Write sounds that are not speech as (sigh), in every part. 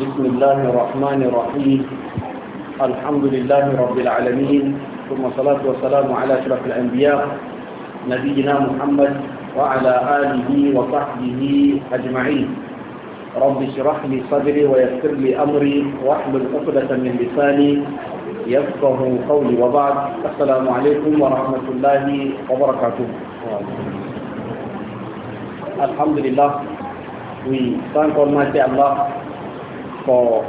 بسم الله الرحمن الرحيم الحمد لله رب العالمين ثم الصلاة والسلام على أشرف الأنبياء نبينا محمد وعلى آله وصحبه أجمعين رب اشرح لي صدري ويسر لي أمري واحلل عقدة من لساني يفقه قولي وبعد السلام عليكم ورحمة الله وبركاته الحمد لله We thank Almighty Allah for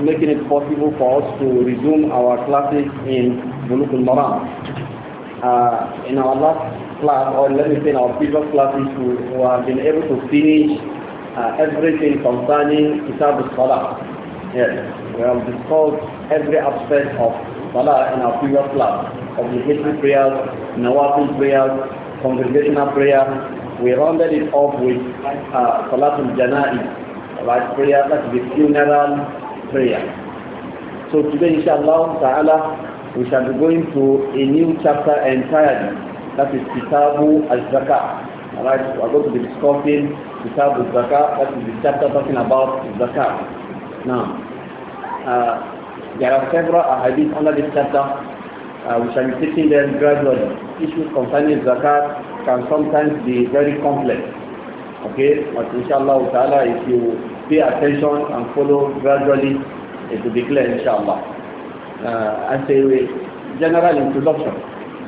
making it possible for us to resume our classes in Buluk maram Uh, in our last class, or let me say in our previous classes, we, we have been able to finish uh, everything concerning Kitab al-Salah. Yes, we have discussed every aspect of Salah in our previous class, obligatory prayers, Nawafil prayers, congregational prayer, we rounded it off with uh, Salatul Jana'i, right prayer, that's the funeral prayer. So today, inshallah ta'ala, we shall be going to a new chapter entirely. That is Kitabu al-Zakah. Alright, we're going to be discussing Kitabu al-Zakah. That is the chapter talking about Zakah. Now, uh, there are several hadith under this chapter. Uh, we shall be taking them gradually. Issues concerning Zakah can sometimes be very complex. Okay, but inshallah ta'ala if you pay attention and follow gradually, it will be clear inshallah. Uh, as a general introduction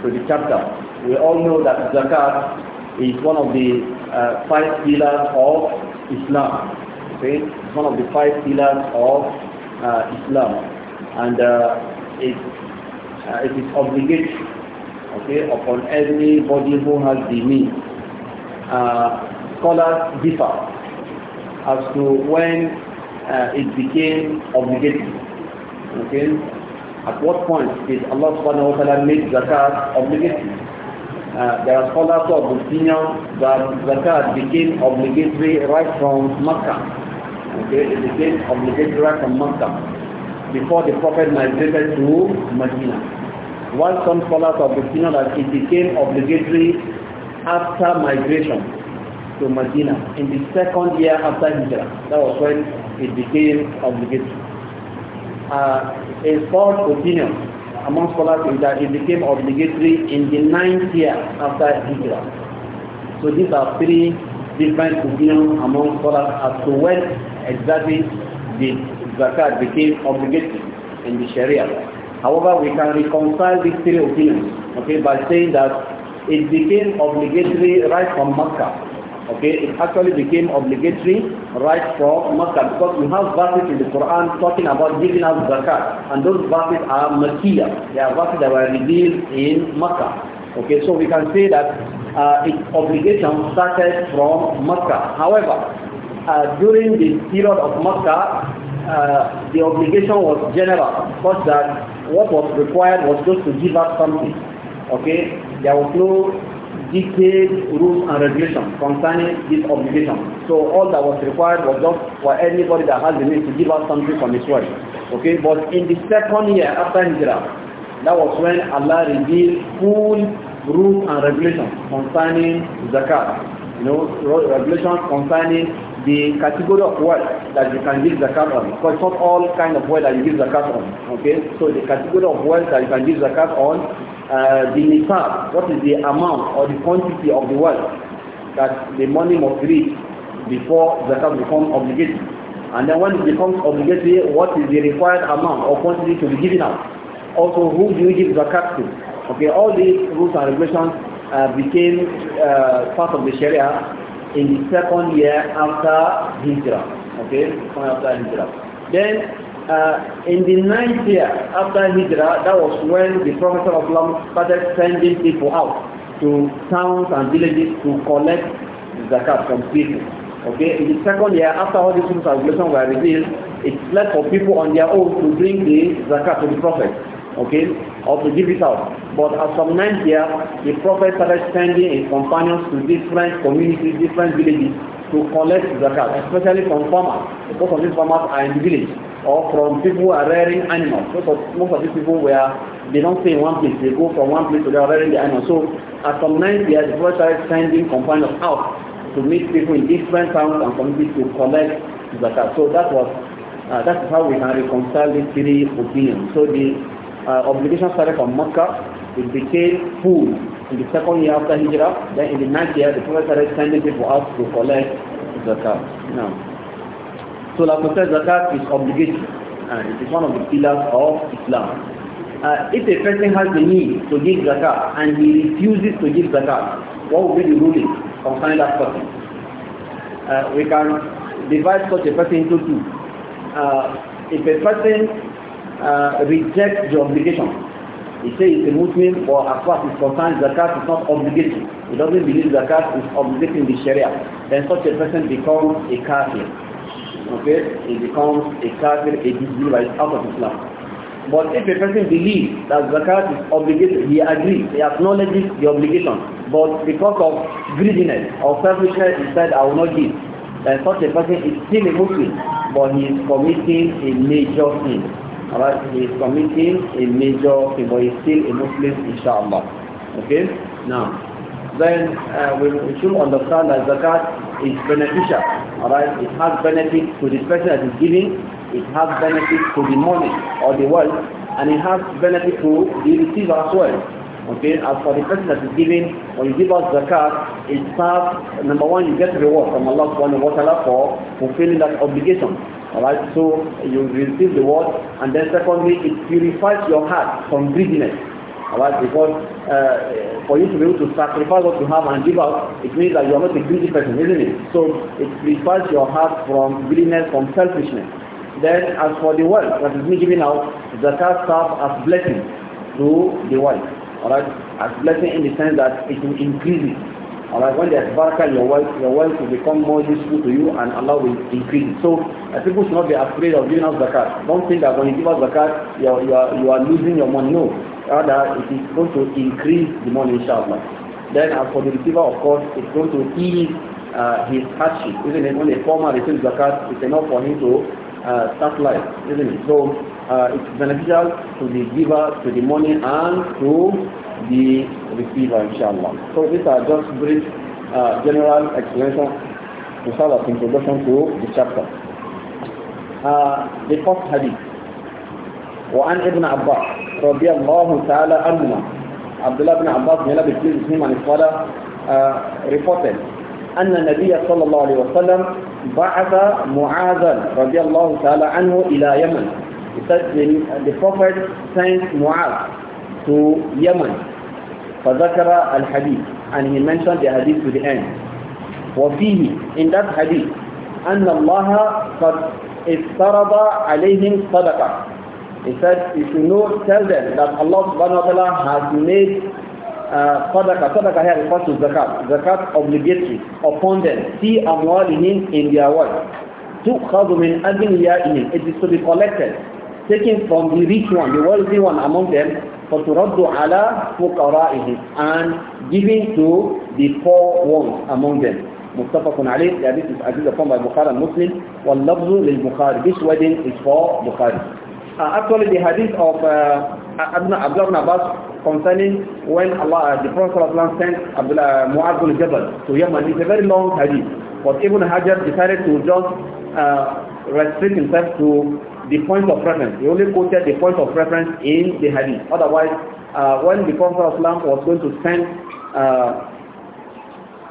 to the chapter, we all know that zakat is one of the uh, five pillars of Islam. Okay, it's one of the five pillars of uh, Islam and uh, it, uh, it is obligatory okay, upon anybody who has the means. Uh, scholars differ as to when uh, it became obligatory. Okay? At what point did Allah subhanahu wa ta'ala make zakat obligatory? Uh, there are scholars of opinion that zakat became obligatory right from Makkah. Okay, it became obligatory right from Makkah before the Prophet migrated to Medina while some scholars of the that it became obligatory after migration to Medina in the second year after Hijrah. That was when it became obligatory. Uh, a fourth opinion among scholars is that it became obligatory in the ninth year after Hijrah. So these are three different opinions among scholars as to when exactly the zakat became obligatory in the Sharia. However, we can reconcile these three opinions okay, by saying that it became obligatory right from Makkah. Okay, it actually became obligatory right from Makkah because we have verses in the Quran talking about giving out zakat and those verses are Makkiyah. They are verses that were revealed in Makkah. Okay, so we can say that uh, its obligation started from Makkah. However, uh, during the period of Makkah, uh, the obligation was general, such that what was required was just to give us something. Okay, there was no detailed rules and regulations concerning this obligation. So all that was required was just for anybody that has the means to give us something from his word. Okay, but in the second year after Hijrah, that was when Allah revealed full rules and regulations concerning zakat. You know, regulations concerning the category of wealth that you can give zakat on. Because it's not all kind of wealth that you give zakat on. Okay? So the category of wealth that you can give zakat on, uh, the nisab, what is the amount or the quantity of the wealth that the money must reach before zakat becomes obligatory. And then when it becomes obligatory, what is the required amount or quantity to be given out? Also, who do you give zakat to? Okay, all these rules and regulations uh, became uh, part of the Sharia in the second year after Hijrah. Okay, second after Hijrah. Then uh, in the ninth year after Hijrah, that was when the Prophet of Islam started sending people out to towns and villages to collect zakat from people. Okay, in the second year after all these things are were revealed, it's left for people on their own to bring the zakat to the Prophet okay, or to give it out. But at some time here, the Prophet started sending his companions to different communities, different villages to collect zakat, especially from farmers. Most of these farmers are in the village or from people who are rearing animals. Most of, most of these people were, they don't stay in one place, they go from one place to the other rearing the animals. So at some time here, the Prophet started sending companions out to meet people in different towns and communities to collect zakat. So that was uh, that's how we can reconcile these three opinions. So the uh, obligation started from Makkah, it became full in the second year after Hijrah, then in the ninth year the Prophet started sending people out to collect zakat. Now, so the I zakat is obligatory and it is one of the pillars of Islam. Uh, if a person has the need to give zakat and he refuses to give zakat, what will be the ruling concerning that person? Uh, we can divide such a person into two. Uh, if a person uh, reject the obligation. He says a Muslim or as far as is concerned, zakat is not obligatory. He doesn't believe zakat is obligatory in the Sharia. Then such a person becomes a kafir. Okay? He becomes a kafir, a disbeliever, out of Islam. But if a person believes that zakat is obligatory, he agrees, he acknowledges the obligation. But because of greediness or selfishness, he said, I will not give. Then such a person is still a Muslim, but he is committing a major sin. Alright, he is committing a major but he's still a Muslim, inshallah. Okay? Now, then uh, we, we, should understand that zakat is beneficial. Alright? It has benefits to the person that is giving, it has benefits to the money or the wealth, and it has benefit to the receiver as well. Okay, as for the person that is giving, when you give us zakat, it starts, number one, you get reward from Allah subhanahu wa ta'ala for fulfilling that obligation. Alright, so you receive the word and then secondly it purifies your heart from greediness. Alright, because uh, for you to be able to sacrifice what you have and give out, it means that you are not a greedy person, isn't it? So it purifies your heart from greediness, from selfishness. Then as for the wealth that is me giving out, zakat serves as blessing to the world. Alright, as blessing in the sense that it will increase it. Alright, when there's barakah your wealth, your wealth will become more useful to you and Allah will increase. So uh, people should not be afraid of giving out zakat. Don't think that when you give out zakat, you are, you are, you are losing your money. No. Rather, it is going to increase the money, inshallah. Then as for the receiver, of course, it's going to ease uh, his hardship. Isn't it? When a former receives zakat, it's enough for him to uh, start life, isn't it? So uh, it's beneficial to the giver, to the money, and to the receiver, inshallah. So these are just brief uh, general explanation to serve as introduction to the chapter. Uh, the first hadith. وعن ابن عباس رضي الله تعالى عنهما عبد الله بن عباس may Allah be pleased with him and uh, أن النبي صلى الله عليه وسلم بعث معاذا رضي الله تعالى عنه إلى يمن He said the, the Prophet sent Muaz to Yemen فذكر الحديث and he mentioned the hadith to the end وفيه in that hadith أن الله قد افترض عليهم صدقة He said if you know tell them that Allah subhanahu wa ta'ala has made uh, صدقة صدقة here refers to zakat zakat obligatory upon them في أموالهم in their wealth تؤخذ من يائهم it is to be collected taken from the rich one the wealthy one among them فَتُرَدُّ عَلَى فُقَرَائِهِ And giving to the poor ones among them. متفق عليه the This is agreed upon by Bukhari and Muslim واللفظ للبخاري this wedding is for Bukhari uh, actually the hadith of uh, Abdullah ibn Abbas concerning when Allah uh, the Prophet sent Abdullah uh, Mu'adh bin Jabal to Yemen it's a very long hadith but Ibn Hajar decided to just uh, restrict himself to the point of reference. He only quoted the point of reference in the hadith. Otherwise, uh, when the Prophet of Islam was going to send uh,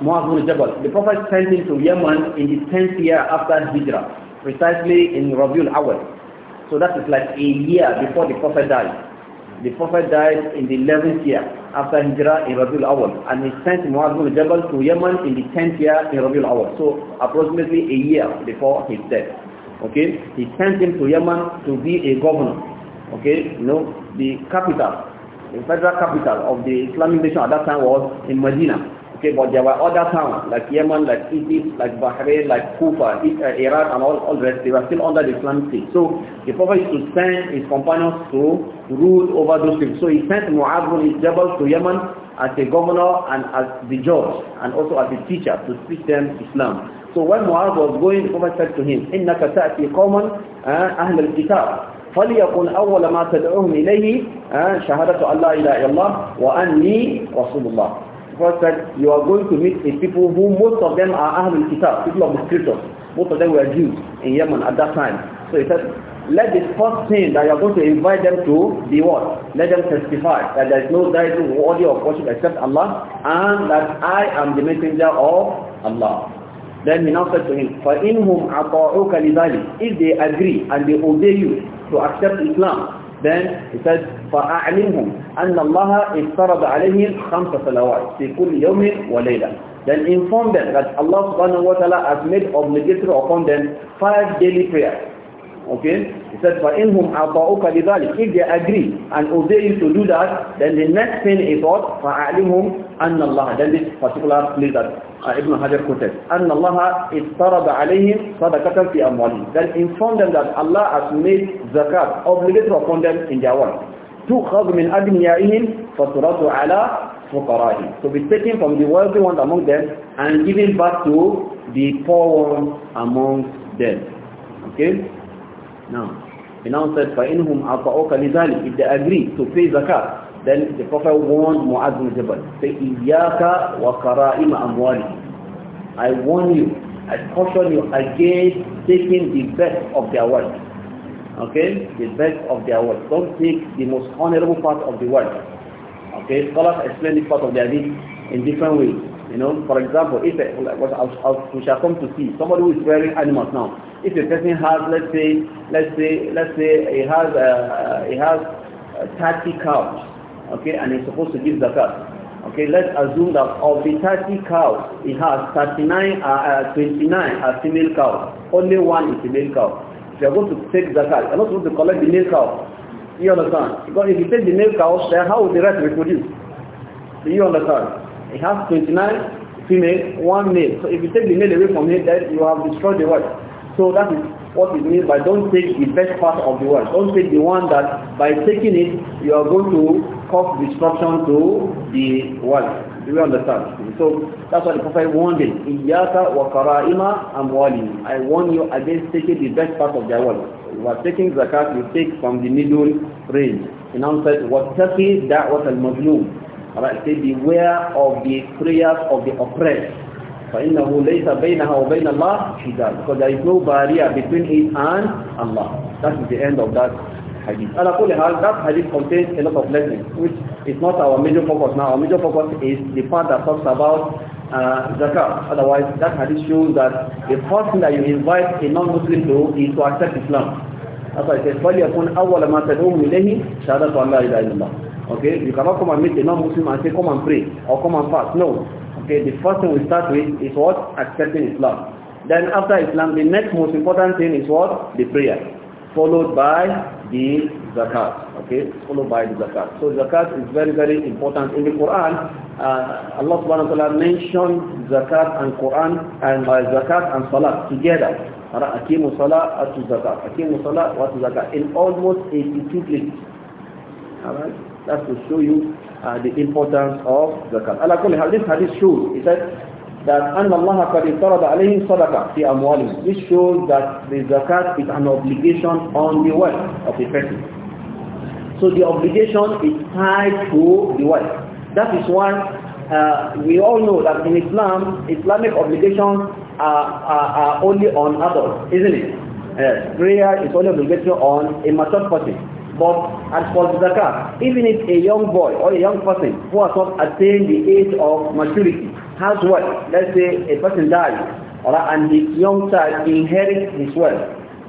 Muaz Jabal, the Prophet sent him to Yemen in the 10th year after Hijrah, precisely in Rabiul Awal. So that is like a year before the Prophet died. The Prophet died in the 11th year after Hijrah in Rabiul Awal. And he sent Muaz Jabal to Yemen in the 10th year in Rabiul Awal. So approximately a year before his death okay he sent him to yemen to be a governor okay you know the capital the federal capital of the islamic nation at that time was in medina Okay, but there were other towns like Yemen, like Egypt, like Bahrain, like Kufa, uh, Iraq, and all, all the rest. They were still under the Islamic state. So the Prophet used to send his companions to rule over those people. So he sent Mu'adh bin Jabal to Yemen as a governor and as the judge and also as a teacher to teach them Islam. So when Mu'adh was going, the Prophet said to him, إِنَّكَ تَأْتِي قَوْمًا أَهْلَ الْكِتَابِ فَلْيَكُنْ أَوَّلَ مَا تَدْعُهُمْ إِلَيْهِ uh, شَهَادَةُ أَلَّا إِلَهَ إِلَّا اللَّهِ وَأَنِّي رَسُولُ اللَّهِ Prophet said, you are going to meet a people who most of them are Ahlul Kitab, people of the scriptures. Most of them were Jews in Yemen at that time. So he said, let the first thing that you are going to invite them to be what? Let them testify that there is no deity worthy of worship except Allah and that I am the messenger of Allah. Then he now said to him, فَإِنْهُمْ أَطَاعُكَ لِذَلِكَ If they agree and they obey you to accept Islam, then he said فَأَعْلِمْهُمْ أَنَّ اللَّهَ افترض عَلَيْهِمْ خَمْسَ صَلَوَاتٍ فِي كُلِّ يَوْمٍ وَلَيْلَةٍ Then inform them that Allah subhanahu wa ta'ala has made obligatory upon them five daily prayers Okay? He said, For فَإِنْهُمْ أَطَعُكَ لِذَلِكَ If they agree and obey you to do that, then the next thing is what? فَأَعْلِمْهُمْ أَنَّ اللَّهَ Then this particular place that uh, Ibn Hajar quoted. أَنَّ اللَّهَ اِفْتَرَضَ عَلَيْهِمْ صَدَقَةً فِي أَمْوَالِهِمْ Then inform them that Allah has made zakat obligatory upon them in their wealth. تُخَذْ مِنْ أَبْنِيَائِهِمْ فَتُرَضُ عَلَىٰ فُقَرَائِهِمْ To be taken from the wealthy ones among them and given back to the poor ones among them. Okay? Now, he now said, فَإِنْهُمْ أَطَعُوكَ لِذَلِكَ If they agree to pay zakat, then the Prophet warned Mu'adh bin Jabal, فَإِيَّاكَ وَكَرَائِمَ أَمْوَالِهِ I warn you, I caution you against taking the best of their wealth. Okay? The best of their wealth. Don't take the most honorable part of the wealth. Okay? Scholars explain this part of the hadith in different ways. You know, for example, if a, what we shall come to see, somebody who is wearing animals now, if a person has, let's say, let's say, let's say, he has, uh, uh he has uh, 30 cows, okay, and he's supposed to give the zakat. Okay, let's assume that of the 30 cows, he has 39, uh, uh, 29 are female cows. Only one is a male cow. If you are going to take the zakat, you are not going to collect the male cow. You understand? Because if you take the male cow, then how will the rest reproduce? Do you understand? It has 29 female, one male. So if you take the male away from it, then you have destroyed the world. So that is what it means by don't take the best part of the world. Don't take the one that by taking it, you are going to cause destruction to the world. Do you understand? So that's why the Prophet warned him. Iyaka wa kara'ima amwali. I warn you against taking the best part of their world. You are taking zakat, you take from the middle range. And I said, was al الْمَظْلُومِ Allah say beware of the prayers of the oppressed. فَإِنَّهُ لَيْسَ بَيْنَهَا وَبَيْنَ اللَّهِ شِدَادٌ Because there is no barrier between it and Allah. That is the end of that hadith. Ala kulli hal, that hadith contains a lot of lessons, which is not our major focus now. Our major focus is the part that talks about uh, zakat. Otherwise, that hadith shows that the first thing that you invite a non-Muslim to is to accept Islam. That's says, فَلْيَكُنْ أَوَّلَ مَا تَدْعُوهُمْ إِلَيْهِ شَهَادَةُ أَنْ لَا Okay, you cannot come and meet a non-Muslim and say, come and pray or come and fast. No. Okay, the first thing we start with is what? Accepting Islam. Then after Islam, the next most important thing is what? The prayer. Followed by the zakat. Okay, followed by the zakat. So zakat is very, very important. In the Quran, uh, Allah subhanahu wa ta'ala mentioned zakat and Quran and uh, zakat and salat together. Akimu salah, atu zakat. Akimu salah, atu zakat. In almost 82 places. Alright. That's to show you uh, the importance of zakat. Allah hadith hadith shows, it says that أَنَّ اللَّهَ قَدْ اِفْتَرَضَ عَلَيْهِمْ صَدَقَ فِي أَمْوَالِهِمْ This shows that the zakat is an obligation on the wealth of the person. So the obligation is tied to the wealth. That is why uh, we all know that in Islam, Islamic obligations are, are, are only on adults, isn't it? Uh, prayer is only obligation on a mature person but as for the even if a young boy or a young person who has not attained the age of maturity has wealth, let's say a person dies, right, and his young child inherits his wealth,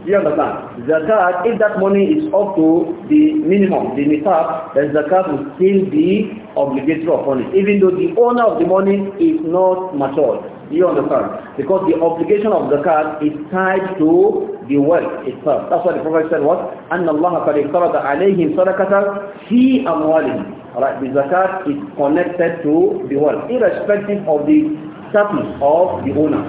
you understand? Zakat, if that money is up to the minimum, the nisab, then zakat will still be obligatory upon it, even though the owner of the money is not matured. Do you understand? Because the obligation of zakat is tied to the wealth itself. That's why the Prophet said what? أَنَّ اللَّهَ that اِفْتَرَضَ عَلَيْهِمْ صَدَقَةً فِي أَمْوَالِهِمْ Alright, the zakat is connected to the wealth, irrespective of the status of the owner.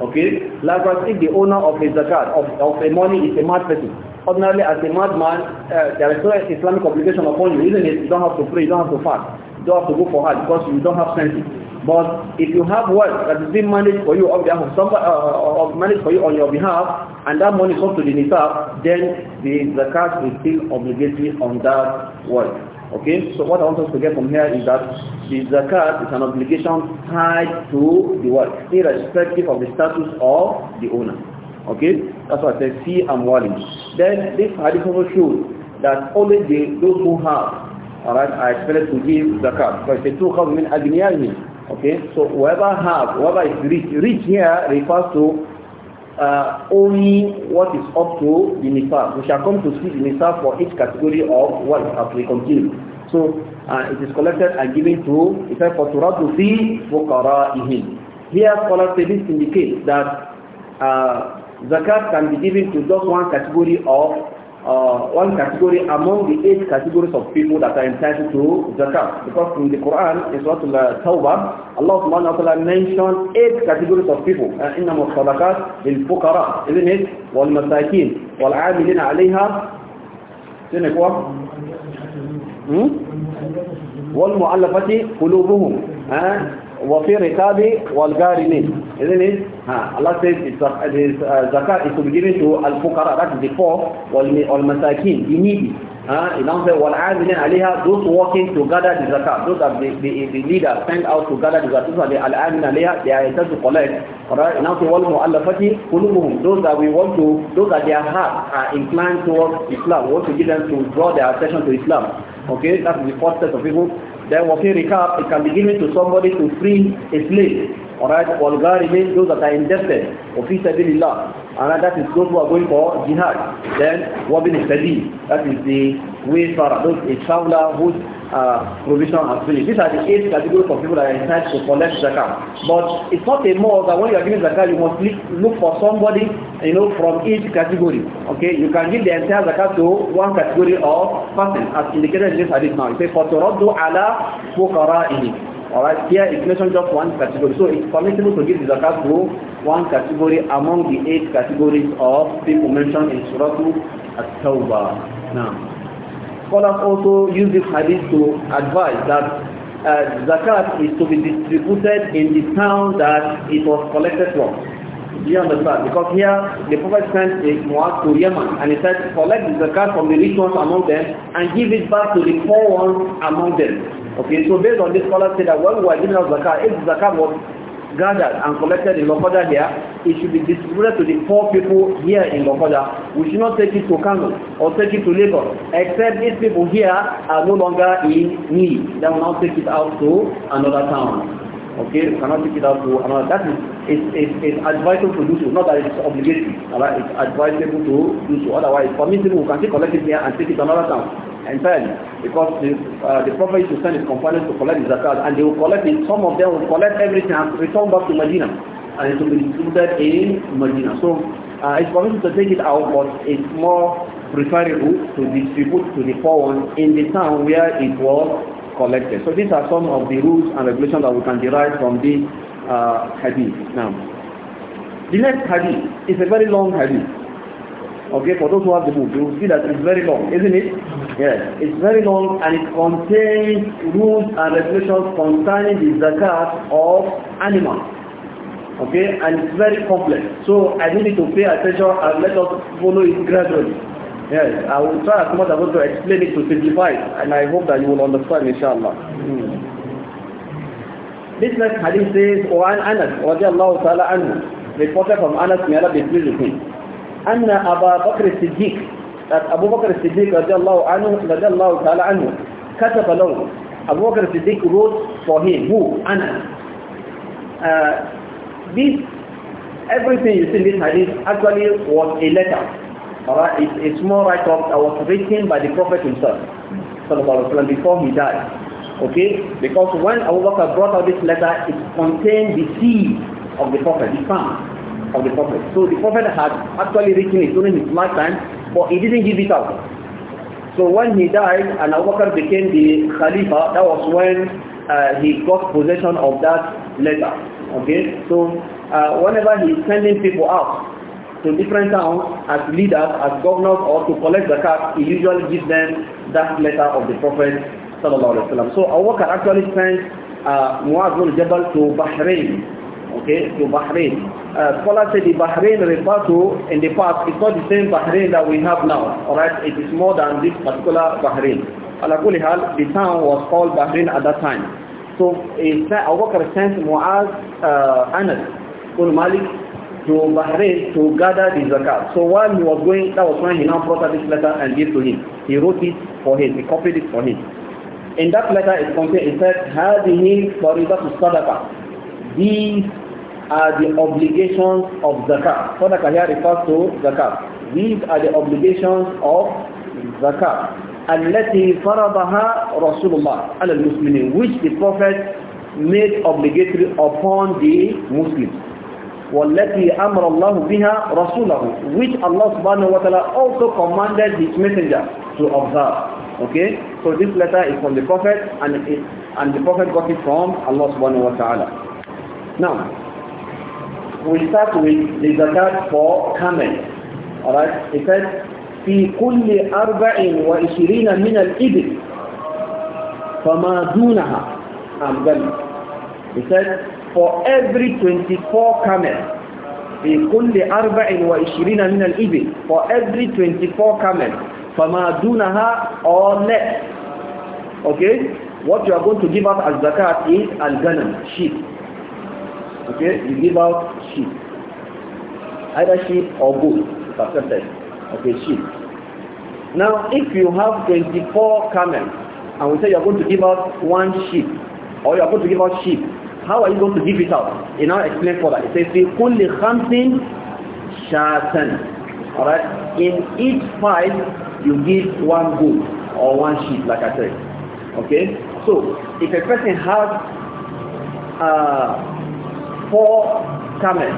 Okay? Likewise, if the owner of a zakat, of, of a money is a mad person, ordinarily as a madman, uh, there is no Islamic obligation upon you, isn't it? You don't have to pray, you don't have to fast. don't have to go for hard because you don't have sense. But if you have work that is being managed for you on behalf of somebody, uh, uh, uh or managed for you on your behalf, and that money comes to the nisab, then the zakat is still obligatory on that work. Okay, so what I want us to get from here is that the zakat is an obligation tied to the work, irrespective of the status of the owner. Okay, that's what I said, see I'm warning. Then this hadith also shows that only the, those who have Alright, I expected to give zakat. Because the two come min agniyahim. Okay, so whoever have, whoever is rich, rich here refers to uh, only what is up to the nifa. We shall come to see the nifa for each category of what is up to consumed. So uh, it is collected and given to, it says, for فَتُرَدُّ فِي فُقَرَائِهِمْ Here scholars say this indicates that uh, zakat can be given to just one category of uh, one category among the eight categories of people that are entitled to zakat. Because in the Quran, in Surah Al-Tawbah, Allah subhanahu wa ta'ala mentioned eight categories of people. Uh, إِنَّمُ الصَّدَقَاتِ fukara, Isn't it? Wal وَالْمَسَاكِينَ وَالْعَامِلِينَ عَلَيْهَا Isn't it what? Hmm? kulubuhum, قُلُوبُهُمْ uh, وفي ركاب والغارمين isn't it ها Allah says it's, uh, this, uh, zakat is to be given to al-fuqara that's the poor wal-masakin the needy uh, it now says wal-azmin those working to gather the zakat those are the, the, the leaders sent out to gather the zakat those are the al-azmin they are entitled to collect alright it now says wal those that we want to those that their hearts are inclined towards Islam we want to give them to draw their attention to Islam okay that's the first set of people Then, وَفِي رِكَابٍ It can be given to somebody to free a slave alright, Walgar remain those that are indebted, Office Abilillah, and that is those who are going for jihad. Then, Wabin Sadi, that is the way for those a traveler whose uh, provision has finished. These are the eight categories of people that are entitled to collect zakat. But it's not a more that when you are giving zakat, you must look for somebody, you know, from each category. Okay, you can give the entire zakat to one category of person, as indicated in this hadith now. It says, فَتُرَدُّ عَلَى فُقَرَائِهِ All right. here it mentions just one category. So it's permissible to give the zakat to one category among the eight categories of people mentioned in Surah At-Tawbah. Now, scholars also use this hadith to advise that uh, zakat is to be distributed in the town that it was collected from. Do you understand? Because here the Prophet sent a Muaz to Yemen and he said, collect the zakat from the rich ones among them and give it back to the poor ones among them. Okay, so based on this scholar said that when we are giving out zakah, if zakah was gathered and collected in Lokoda here, it should be distributed to the poor people here in Lokoda. We should not take it to Kano or take it to Lagos, except these people here are no longer in need. They will now take it out to another town. Okay, cannot take it out to another. That is, it's, it's, it's advisable to do so. Not that it's obligatory. Right? It's advisable to do so. Otherwise, permissible, we can still collect it here and take it another time entirely. Because the, uh, the Prophet used to send his companions to collect the zakat and they will collect it. Some of them will collect everything and return back to Medina. And it will be distributed in Medina. So uh, it's permissible to take it out, but it's more preferable to distribute to the poor ones in the town where it was collected. So these are some of the rules and regulations that we can derive from this uh, hadith. Now, the next hadith is a very long hadith. Okay, for those who have the book, you will see that it's very long, isn't it? Yes, it's very long and it contains rules and regulations concerning the zakat of animals. Okay, and it's very complex. So I need you to pay attention and let us follow it gradually. Yes, I will try as much as possible to explain it to simplify it, and I hope that you will understand, inshallah. Mm. This next hadith says, "O أنس رضي الله تعالى عنه reported from Anas may Allah be pleased with him أن أبا بكر الصديق that Abu Bakr Siddiq, رضي الله عنه رضي الله تعالى عنه كتب Abu Bakr Siddiq wrote for him who Anas uh, this everything you see in this hadith actually was a letter Alright, it's more like write was written by the Prophet himself before he died. Okay? Because when Abu Bakr brought out this letter, it contained the seed of the Prophet, the farm of the Prophet. So the Prophet had actually written it during his lifetime, but he didn't give it out. So when he died and Abu Bakr became the Khalifa, that was when uh, he got possession of that letter. Okay? So uh, whenever he's sending people out, to different towns as leaders, as governors, or to collect zakat, he usually gives them that letter of the Prophet sallallahu alaihi wasallam. So Abu Bakr actually sent uh, Muaz bin Jabal to Bahrain, okay, to Bahrain. Uh, scholars say the Bahrain referred to in the past, it's not the same Bahrain that we have now, alright, it is more than this particular Bahrain. Alakulihal, the town was called Bahrain at that time. So Abu Bakr sent Muaz uh, Anas bin Malik to Bahrain to gather the zakat. So while he was going, that was when he now brought out this letter and gave to him. He wrote it for him. He copied it for him. In that letter it contained, it said, هذه فريضة الصدقة. These are the obligations of zakat. Sadaqah here refers to zakat. These are the obligations of zakat. التي فرضها رسول الله على المسلمين which the prophet made obligatory upon the Muslims. والتي أمر الله بها رسوله which Allah subhanahu wa ta'ala also commanded his messenger to observe okay so this letter is from the prophet and it, and the prophet got it from Allah subhanahu wa ta'ala now we we'll start with the zakat for camel all right it says في كل أربع وعشرين من الإبل فما دونها أم أبدل it says for every 24 camels في كل 24 من الإبل for every 24 camels فما دونها or less okay what you are going to give out as zakat is al-ghanam sheep okay you give out sheep either sheep or goat accepted okay sheep now if you have 24 camels and we say you are going to give out one sheep or you are going to give out sheep How are you going to give it out? He now explains further. It says, في كل خمس All right. In each five, you give one goat or one sheep, like I said. Okay? So, if a person has uh, four camels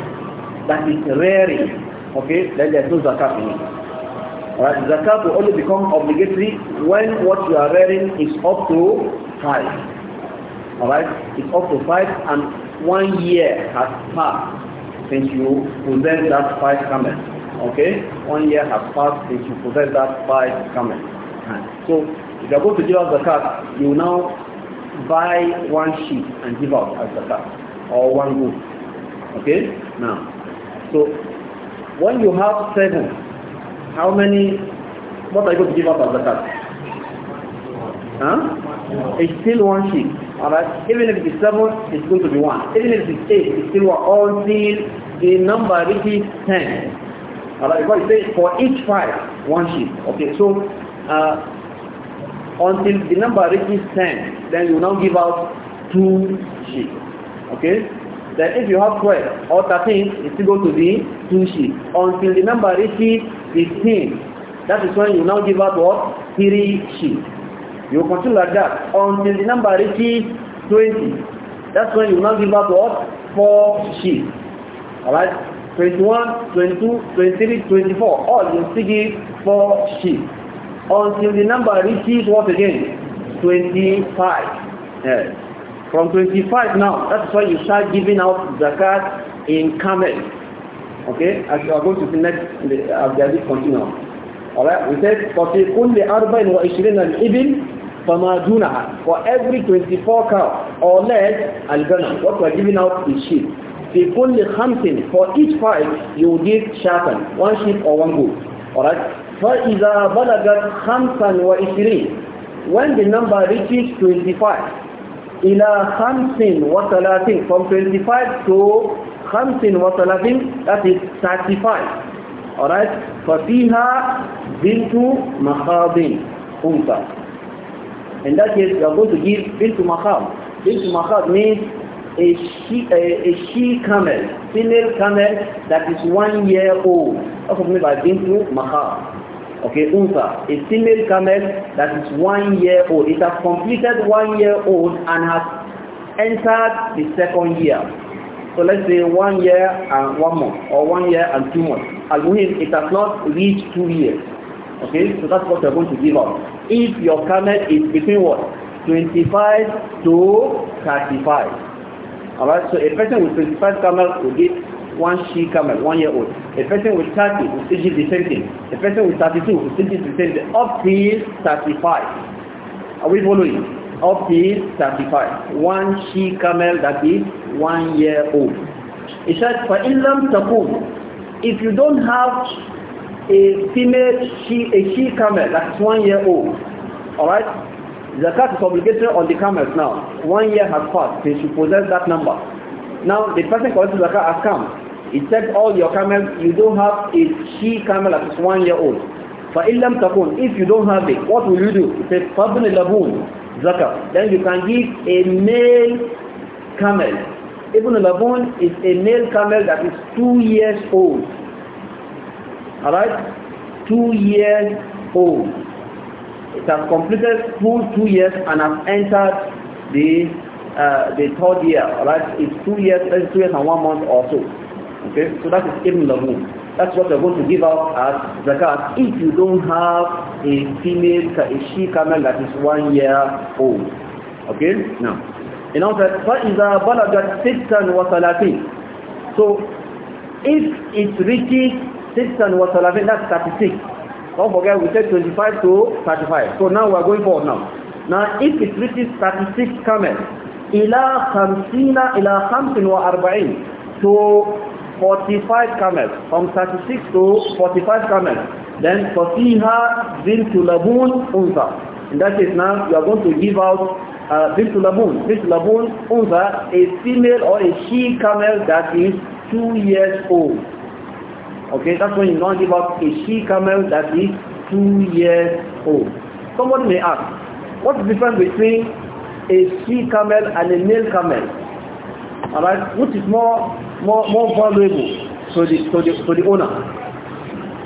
that is rearing, okay, then there's no zakat in it. All Right? Zakat will only become obligatory when what you are rearing is up to five. Alright? It's up to five and one year has passed since you possess that five comment. Okay? One year has passed since you possess that five camel. So if you're going to give out the card, you now buy one sheep and give out as card or one goat. Okay? Now, so when you have seven, how many, what are you going to give out as zakat? Huh? It's still one sheep. Alright? Even if it's seven, it's going to be one. Even if it's eight, it's still one until the number reaches ten. Alright, because it says for each five, one sheep. Okay, so uh, until the number reaches ten, then you now give out two sheep. Okay? Then if you have twelve or thirteen, it's still go to the two sheep. Until the number reaches fifteen. That is when you now give out what? Three sheep. You continue like that until the number reaches 20. That's when you now give out what? 4 sheep. Alright? 21, 22, 23, 24. All you still give four sheep. Until the number reaches what again? 25. Yes. From 25 now, that's why you start giving out zakat in camel. Okay? As you are going to see next, as the hadith continue. All right. We said, only فَفِي كُلِّ أَرْبَعٍ وَعِشْرِينَ الْإِبِلِ famadunaha for every 24 cow or less alganam what we are giving out is sheep The only hunting for each five you give shatan one sheep or one goat all right fa iza balagat khamsan wa ishrin when the number reaches 25 ila khamsin wa thing? from 25 to khamsin wa thing? that is 35 all right fa fiha bintu makhadin unta In that case, we are going to give bintu makhab. Bintu makhab means a she, a, a she camel, female camel that is one year old. That's what we mean by bintu makhab. Okay, unsa, a female camel that is one year old. It has completed one year old and has entered the second year. So let's say one year and one month, or one year and two months. Al-Muhim, it has not reached two years. Okay, so that's what you're going to give up. If your camel is between what? 25 to 35. All right, so a person with 25 camel will get one she camel, one year old. A person with 30 will still give the same thing. A person with 32 will still give the same thing. Up till 35. Are we following? Up till 35. One she camel that is one year old. It says, for لَمْ تَقُومُ If you don't have a female she a she camel that's one year old all right zakat is obligatory on the camels now one year has passed they should possess that number now the person collecting zakat has come He said, all your camels you don't have a she camel that is one year old For لَمْ تَكُنْ If you don't have it, what will you do? He says, فَابْنِ لَبُونَ Zakat. Then you can give a male camel. Ibn Labun is a male camel that is two years old. Alright? Two years old. It has completed full two years and has entered the uh, the third year. Alright? It's two years, it's uh, two years and one month or so. Okay? So that is the Lahum. That's what we are going to give out as zakat if you don't have a female, a she camel that is one year old. Okay? Now, you know that فَإِذَا بَلَغَتْ سِتًّا وَثَلَاثِينَ So, if it reaches Sixteen was eleven, that's thirty-six. Don't forget we said twenty-five to thirty-five. So now we are going forward now. Now if it reaches thirty-six camels, ila khamsina ila khamsin wa arba'in to forty-five camels from thirty-six to forty-five camels. Then fasiha bintu labun unsa. In that case now you are going to give out uh, bintu labun. Bintu labun unsa, a female or a she camel that is two years old. Okay, that's when you don't give out a she camel that is two years old. Somebody may ask, what's the difference between a she camel and a male camel? Alright, which is more more more valuable to the to the to the owner?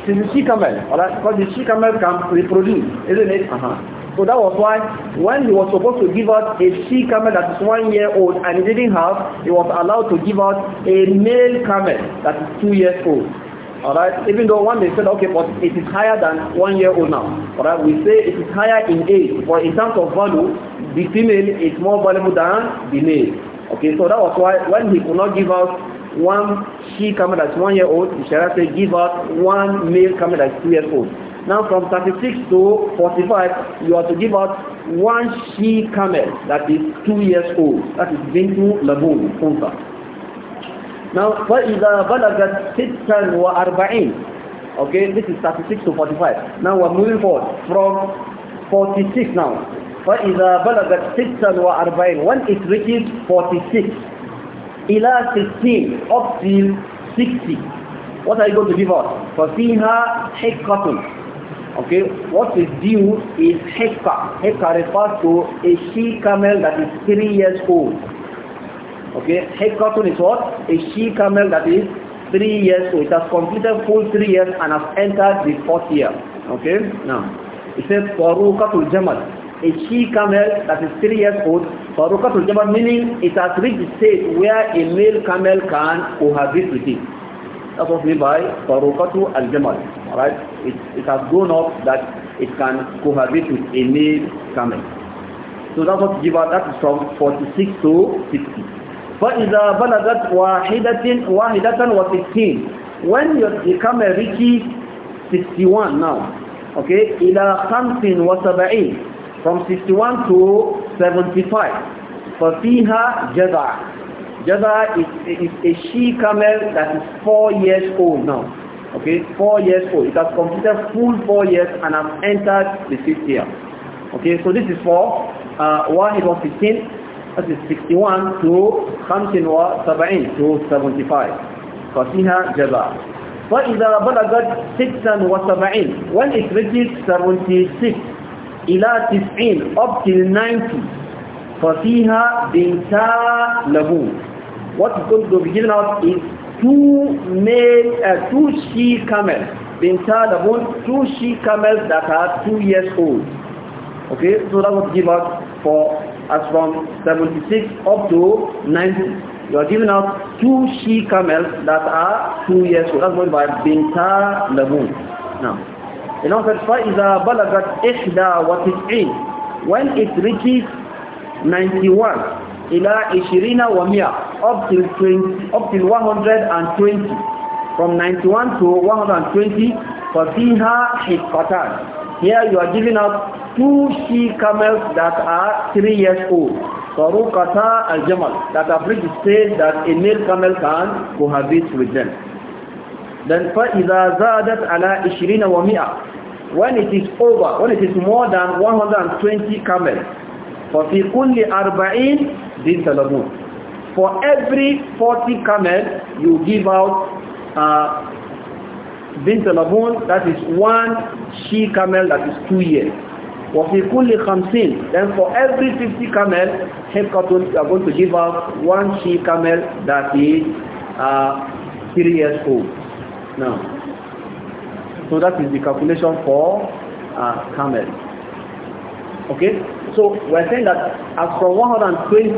It is the she camel, alright, because the she camel can reproduce, isn't it? Uh -huh. So that was why when he was supposed to give out a she camel that is one year old and he didn't have, he was allowed to give out a male camel that is two years old. Alright, even though one may say, okay, but it is higher than one year old now. Alright, we say it is higher in age, but in terms of value, the female is more valuable than the male. Okay, so that was why when he could not give out one she camel that's one year old, the Sharia said give out one male camel that's two years old. Now from 36 to 45, you are to give out one she camel that is two years old. That is Bintu Labun, Funsa. Now, فَإِذَا بَلَغَتْ سِتًا وَأَرْبَعِينَ Okay, this is 36 to 45. Now we're moving forward from 46 now. فَإِذَا بَلَغَتْ سِتًا وَأَرْبَعِينَ When it reaches 46, إِلَى 16, up till 60. What are you going to give out? فَفِيهَا حِكَّةٌ Okay, what is due is hekka. Hekka refers to a she camel that is three years old. Okay, head Hekatun is what? A she camel that is three years so It has completed full three years and has entered the fourth year. Okay, now it says Farukatul Jamal. A she camel that is three years old, Farukatul Jamal meaning it has reached the stage where a male camel can cohabit with it. That's what we by Farukatu al Jamal. Alright? It, it has grown up that it can cohabit with a male camel. So that's what give us, that is from 46 to 60. فإذا بلغت واحدة واحدة وستين when you become a Ricky 61 now okay إلى خمس وسبعين from 61 to 75 ففيها جذع جذع is, is a she camel that is four years old now okay four years old it has completed full four years and has entered the fifth year okay so this is for uh, 115 that is 61 to 75 to 75 ففيها جَبَارٌ فإذا بلغت 76 when it reaches 76 إلى 90 up till 90 ففيها بنتا لبون what is going to be given out is two male uh, two she camels بنتا لبون two she camels that are two years old Okay, so that was given us for as from 76 up to 90. You are giving out two she camels that are two years old. That's what by Binta Labu. Now, you know that فَإِذَا what is in When it reaches 91, إِلَى إِشْرِينَ وَمِيَا Up till 20, up till 120. From 91 to 120, فَفِيهَا حِقَّتَانِ Here you are giving out two she camels that are three years old. kata al-Jamal. That abridged says that a male camel can cohabit with them. Then فَإِذَا زَادَتْ عَلَىٰ إِشْرِينَ وَمِئَةٍ When it is over, when it is more than 120 camels, فَفِي كُلِّ أَرْبَعِينَ دِنْ تَلَبُونَ For every 40 camels, you give out uh, بint that is one she camel that is two years وفي كل خمسين then for every 50 camel Hepkatun are going to give us one she camel that is uh, 3 years old now so that is the calculation for uh, camel okay so we're saying that as from 120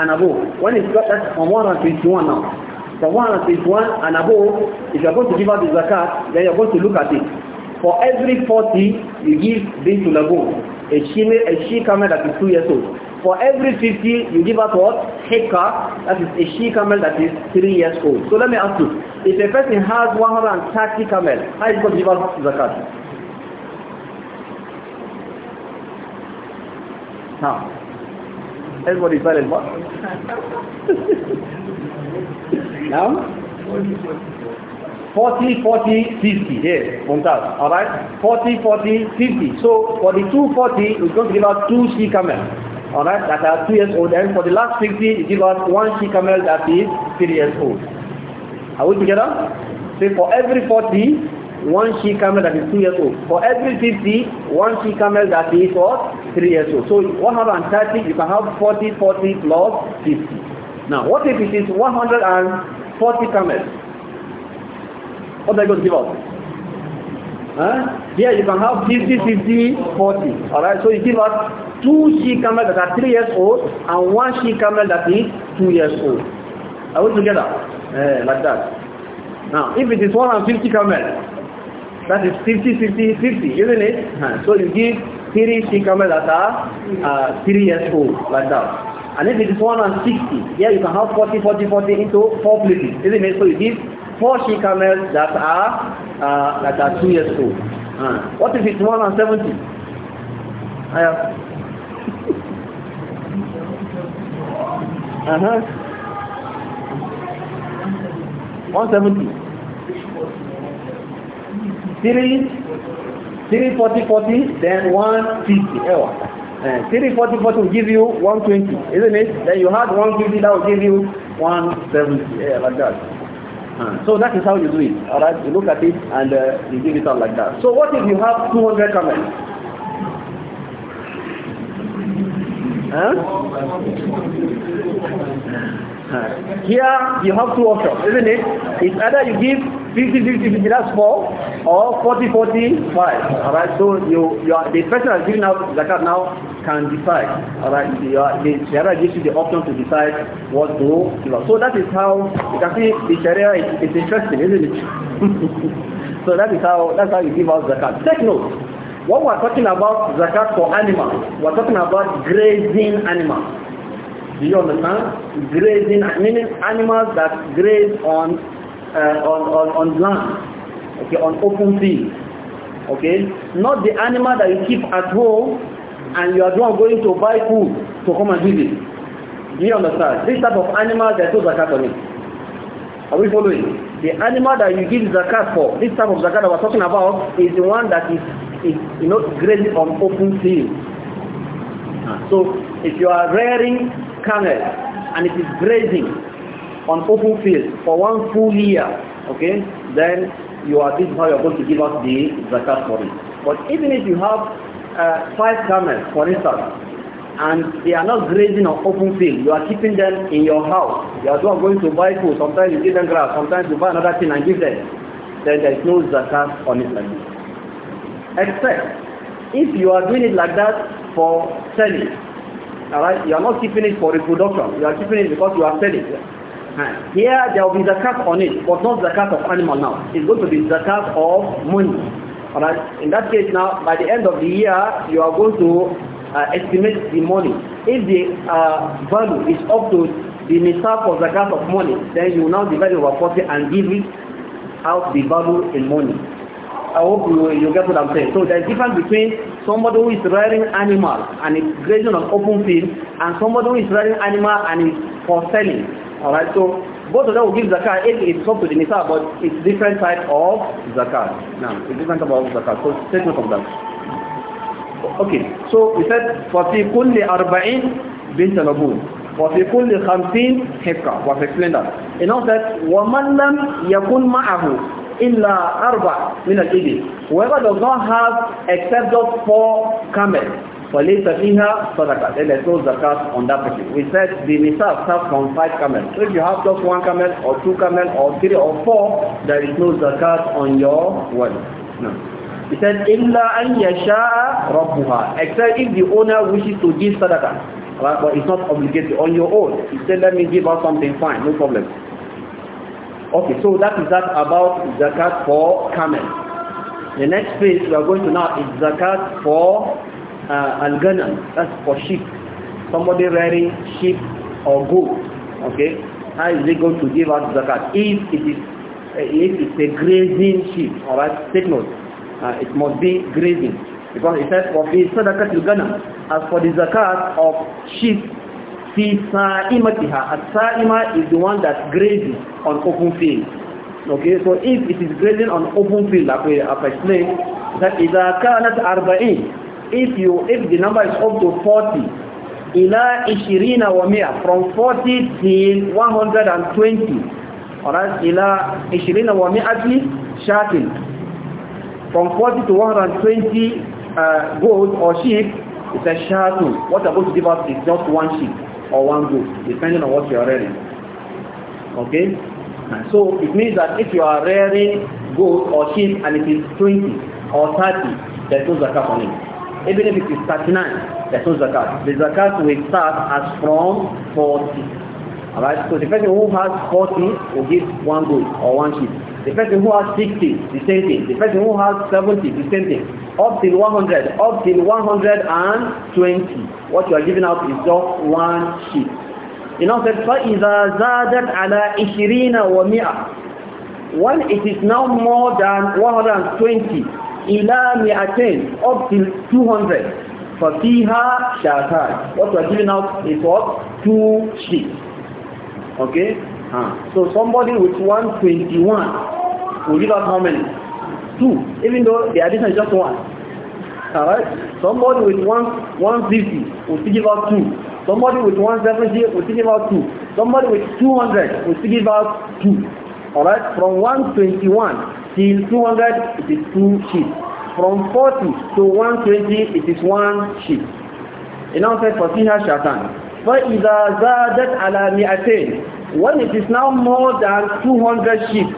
and above when it got that from 121 now from 121 and above if you're going to give out the zakat then you're going to look at it For every 40, you give this to Lagoon, a she, a she camel that is two years old. For every 50, you give us what? heka that is a she camel that is three years old. So let me ask you, if a person has 130 camel, how is going to give us zakat? Now, everybody is silent, what? (laughs) now? 40, 40, 50. Alright? 40, 40, 50. So for the 240, we're going to give us two she camels. Alright? That are two years old. And for the last 50, we give us one she camel that is three years old. Are we together? So for every 40, one she camel that is two years old. For every 50, one she camel that is what? Three years old. So 130, you can have 40, 40 plus 50. Now, what if it is 140 camels? What are they going to give out? Huh? Yeah, you can have 50, 50, 40. Alright, so you give us two she camels that are three years old and one she camel that is two years old. Are we together? Eh, like that. Now, if it is 150 camel, that is 50, 50, 50, isn't it? Huh. So you give three she camels that are uh, three years old, like that. And if it is 160, yeah, you can have 40, 40, 40 into four places, isn't it? So you give four she camels that are uh, that are two years old. Uh, what if it's more than seventy? I have. (laughs) uh huh. One seventy. Three, three forty forty, then one fifty. Uh, three forty forty will give you one twenty, isn't it? Then you had one fifty that will give you one seventy. Yeah, like that. Hmm. So that is how you do it. Alright, you look at it and uh, you give it out like that. So what if you have 200 camels? Huh? Here you have two options, isn't it? It's either you give 50-50, that's 4, or 40-45. Alright, so you, you are, the person that's giving out zakat now can decide. Alright, the Sharia gives you the option to decide what to give out. So that is how, you can see the Sharia is, is interesting, isn't it? (laughs) so that is how, that's how you give out zakat. Take note, when we're talking about zakat for animals, we're talking about grazing animals. Do you understand? Grazing, meaning animals that graze on Uh, on, on, on land, okay, on open sea, okay? Not the animal that you keep at home and you are not going to buy food to come and eat it. Do you understand? This type of animal, that no zakat on it. Are we following? The animal that you give zakat for, this type of zakat that are talking about, is the one that is, is you know, grazing on open field. So if you are rearing camel and it is grazing on open field for one full year, okay, then you are this how you are going to give out the zakat for it. But even if you have uh, five camels, for instance, and they are not grazing on open field, you are keeping them in your house. You are not going to buy food. Sometimes you give them grass. Sometimes you buy another thing and give them. Then there is no zakat on it like this. Except if you are doing it like that for selling, all right, you are not keeping it for reproduction. You are keeping it because you are selling. Here there will be zakat on it, but not zakat of animal now. It's going to be zakat of money. Alright? In that case now, by the end of the year, you are going to uh, estimate the money. If the uh, value is up to the nisab of zakat of money, then you now divide it over 40 and give it out the value in money. I hope you, you get what I'm saying. So there's difference between somebody who is rearing animal and is grazing on open field and somebody who is rearing animal and is for selling. Alright, so both of them will give zakat if it's up to the nisab, but it's different type of zakat. Now, it's different type of zakat. So take note of that. Okay, so we said, فَفِي كُلِّ أَرْبَعِينَ بِنْتَ لَبُونَ وفي كل خمسين explained that. كلنا إنه said ومن لم يكن معه إلا أربع من الإبل whoever does not have except just four camels فَلَيْسَ فِيهَا صَدَقَةً Then there's no zakat on that person. We said the nisab starts from five camels. So if you have just one camel or two camel or three or four, there is no zakat on your wealth. No. He said, إِلَّا أَنْ يَشَاءَ رَبُّهَا Except if the owner wishes to give sadaqah. Right? But it's not obligatory on your own. He said, let me give out something, fine, no problem. Okay, so that is that about zakat for camels. The next phase we are going to now is zakat for uh, al-ganam, that's for sheep. Somebody rearing sheep or goat, okay? How is he going to give out zakat? If it is uh, if it's a grazing sheep, alright? Take note. Uh, it must be grazing. Because it says, for the zakat al-ganam, as for the zakat of sheep, fi sa'imatiha. As-sa'ima is the one that grazes on open field. Okay, so if it is grazing on open field, like we have explained, that إذا كانت أربعين if you if the number is up to 40 ila ishirina wa mia from 40 till 120 alright ila ishirina wa miati shatin from 40 to 120 uh, goat or sheep is a shatu what I'm going to give out is just one sheep or one goat depending on what you are rearing okay so it means that if you are rearing goat or sheep and it is 20 or 30 there's no zakat on it even if it is 39, there's no zakat. The zakat will start as from 40. Alright, so the person who has 40 will give one goat or one sheep. The person who has 60, the same thing. The person who has 70, the same thing. Up till 100, up till 120. What you are giving out is just one sheep. You know, that فَإِذَا زَادَتْ عَلَىٰ إِشْرِينَ وَمِئَةٍ When it is now more than 120, ila mi'atain up to 200 for fatiha shatan what we're giving out is what two sheets. okay uh, so somebody with 121 will give out how many two even though the addition is just one all right somebody with one 150 will still give out two somebody with 170 will still give out two somebody with 200 will still give out two Alright, from 121 till 200 it is two sheep. From 40 to 120 it is one sheep. And now says فَفِيهَا it is فَإِذَا زَادَتْ عَلَى مِئَتَيْنِ When it is now more than 200 sheep,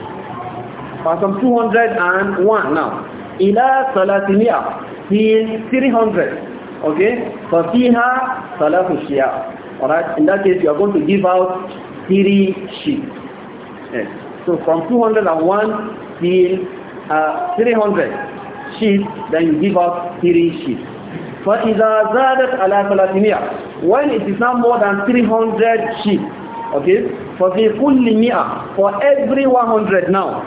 from 201 now, إِلَى ثَلَاثِمِئَةِ till 300. Okay? فَفِيهَا ثَلَاثُ شِيَاءَ Alright, in that case you are going to give out three sheep. Yes. So from 201 till uh, 300 sheep, then you give out 3 sheep. فَإِذَا زَادَتْ عَلَى ثَلَاثِمِيَةٍ When it is now more than 300 sheep, okay, فَفِي كُلِّ مِئَةٍ For every 100 now,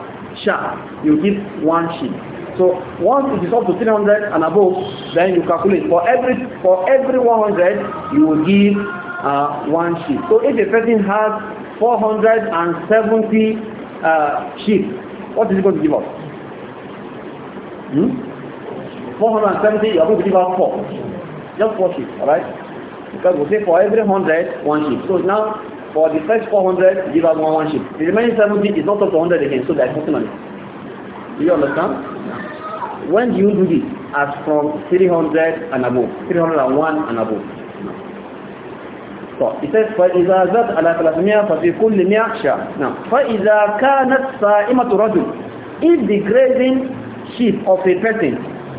sharp, you give one sheep. So once it is up to 300 and above, then you calculate. For every for every 100, you will give uh, one sheep. So if a person has 470 uh, ah, sheep, what is he going to give us? Hmm? 470, you are going to give us four. Just four sheep, alright? Because we say for every hundred, one sheep. So now, for the first 400, give us one, one sheep. The remaining 70 is not up to 100 again, so there is nothing on it. Do you understand? When do you do this? As from 300 and above. 301 and above. فإذا زاد على 300 ففي كل 100 شاة نعم فإذا كانت صائمة رجل if the grazing sheep of a person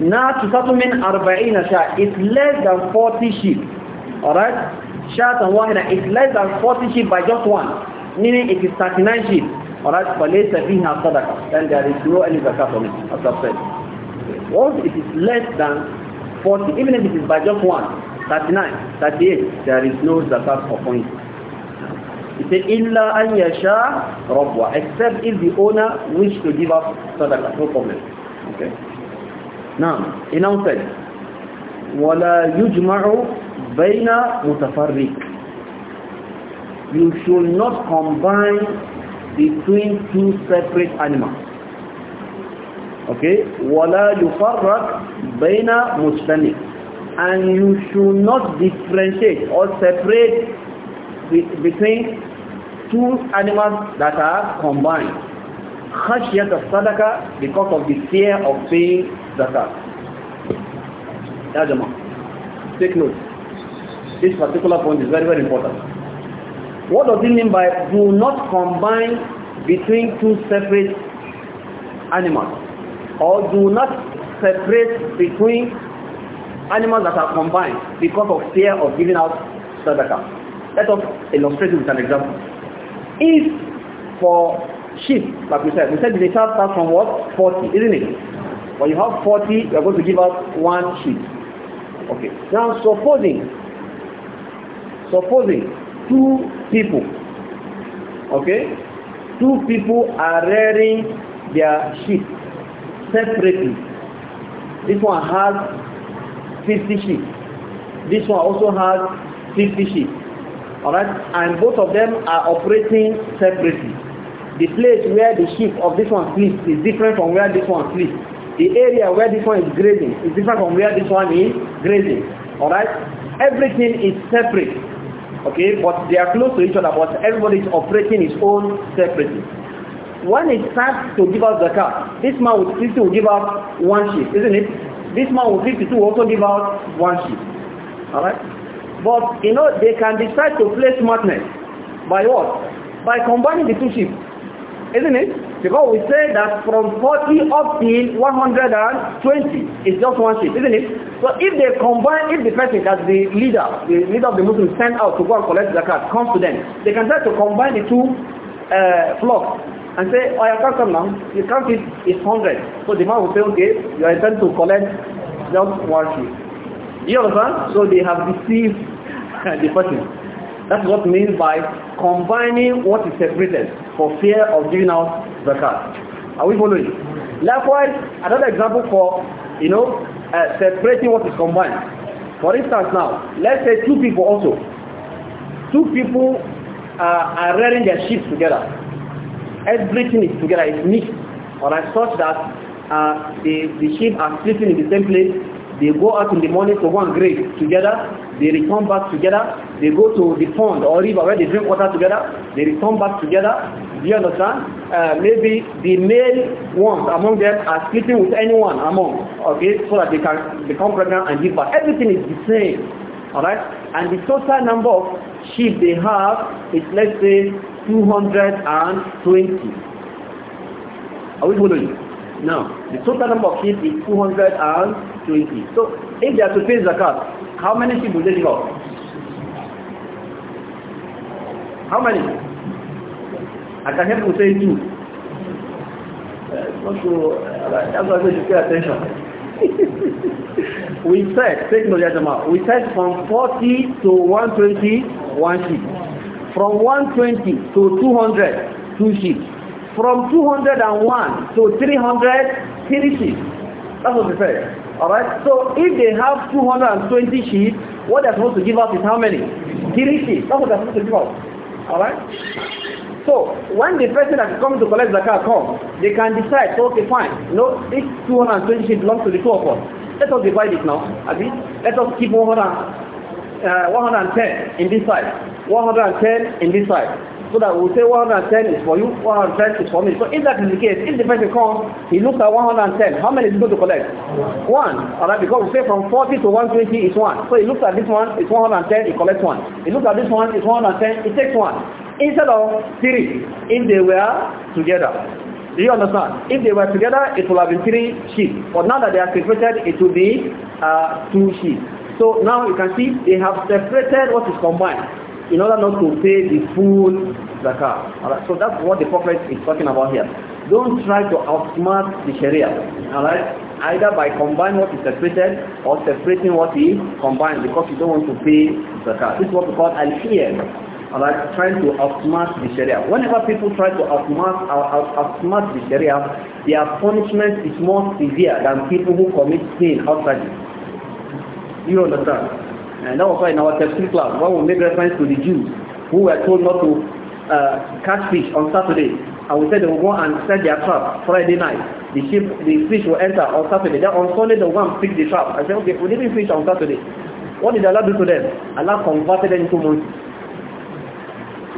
now to settlement 40 شاة is less than 40 sheep All right, alright شاة واحدة is less than 40 sheep by just one meaning it is 39 sheep All alright فليس فيها صدقة then there is no any zakat on it as I've said once it is less than 40 even if it is by just one 39, 38, there is no zakat upon it. He said, Illa an yasha rabwa, except if the owner wish to give up sadaqah, no problem. Okay. Now, he now said, "Wala yujma'u بَيْنَ مُتَفَرِّقٍ You should not combine between two separate animals. Okay? Wala يُفَرَّقْ بَيْنَ مُجْتَمِقٍ and you should not differentiate or separate be between two animals that are combined. Khashiyat of sadaqah because of the fear of paying zakat. Yajama, take note. This particular point is very, very important. What does it mean by do not combine between two separate animals or do not separate between animals that are combined because of fear of giving out sadaqah. Let us illustrate it with an example. If for sheep, like we said, we said the child starts from what? 40, isn't it? When you have 40, you are going to give out one sheep. Okay. Now supposing, supposing two people, okay, two people are rearing their sheep separately. This one has 50 sheep. This one also has 50 sheep. Alright, and both of them are operating separately. The place where the sheep of this one sleeps is different from where this one sleeps. The area where this one is grazing is different from where this one is grazing. Alright, everything is separate. Okay, but they are close to each other, but everybody is operating his own separately when it starts to give us zakat, this man will still give us one sheep, isn't it? this man will 52 will also give out one sheep. All right, But, you know, they can decide to play smartness. By what? By combining the two sheep. Isn't it? Because we say that from 40 up till 120 is just one sheep, isn't it? So if they combine, if the person that the leader, the leader of the Muslims sent out to go and collect zakat comes to them, they can try to combine the two uh, flocks and say, oh, I can't come now. You can't feed is 100. So the man will say, okay, you are entitled to collect just one sheep. You understand? So they have deceived (laughs) the person. That's what means by combining what is separated for fear of giving out the card. Are we following? Likewise, another example for, you know, uh, separating what is combined. For instance now, let's say two people also. Two people uh, are rearing their sheep together everything is together, it's mixed. Alright, such that uh, the, the sheep are sleeping in the same place, they go out in the morning to one grave together, they return back together, they go to the pond or river where they drink water together, they return back together. Do you understand? Uh, maybe the male ones among them are sleeping with anyone among, okay, so that they can become pregnant and give birth. Everything is the same, All right. And the total number of sheep they have is, let's say, 220. Are we following? Now, the total number of sheep is 220. So, if they are to pay zakat, how many people will they give out? How many? I can help you say two. Uh, not so. Uh, that's why I should pay attention. (laughs) we said, take no note, we said from 40 to 120, one sheep from 120 to 200 two sheep from 201 to 300 three sheep that's what they said all right so if they have 220 sheep what they're supposed to give us is how many three sheep that's what they're supposed to give us all right so when the person that is coming to collect zakat comes, they can decide, okay, fine, no, this 220 sheep belongs to the two of us. Let us divide it now, Abi. Let us keep 100, uh, 110 in this side. 110 in this side. So that we'll say 110 is for you, 110 is for me. So if that is the case, if the person comes, he looks at 110, how many is he going to collect? One. Alright, because we say from 40 to 120 is one. So he looks at this one, it's 110, he collects one. He looks at this one, it's 110, he takes one. Instead of three, if they were together. Do you understand? If they were together, it would have been three sheep. But now that they are separated, it will be uh, two sheep. So now you can see they have separated what is combined. in order not to pay the full zakah. Alright, so that's what the Prophet is talking about here. Don't try to outsmart the Sharia. Alright? Either by combining what is separated or separating what is combined because you don't want to pay zakah. This is what we call al-hiyam. Alright, trying to outsmart the Sharia. Whenever people try to outsmart, out, outsmart the Sharia, their punishment is more severe than people who commit sin outside. You understand? and also in our tafsir class when we made reference to the Jews who were told not to uh, catch fish on Saturday and we said they will go and set their trap Friday night the ship, the fish will enter on Saturday then on Sunday they will go and pick the trap I said okay we didn't fish on Saturday what did Allah do to them? Allah converted them into monkeys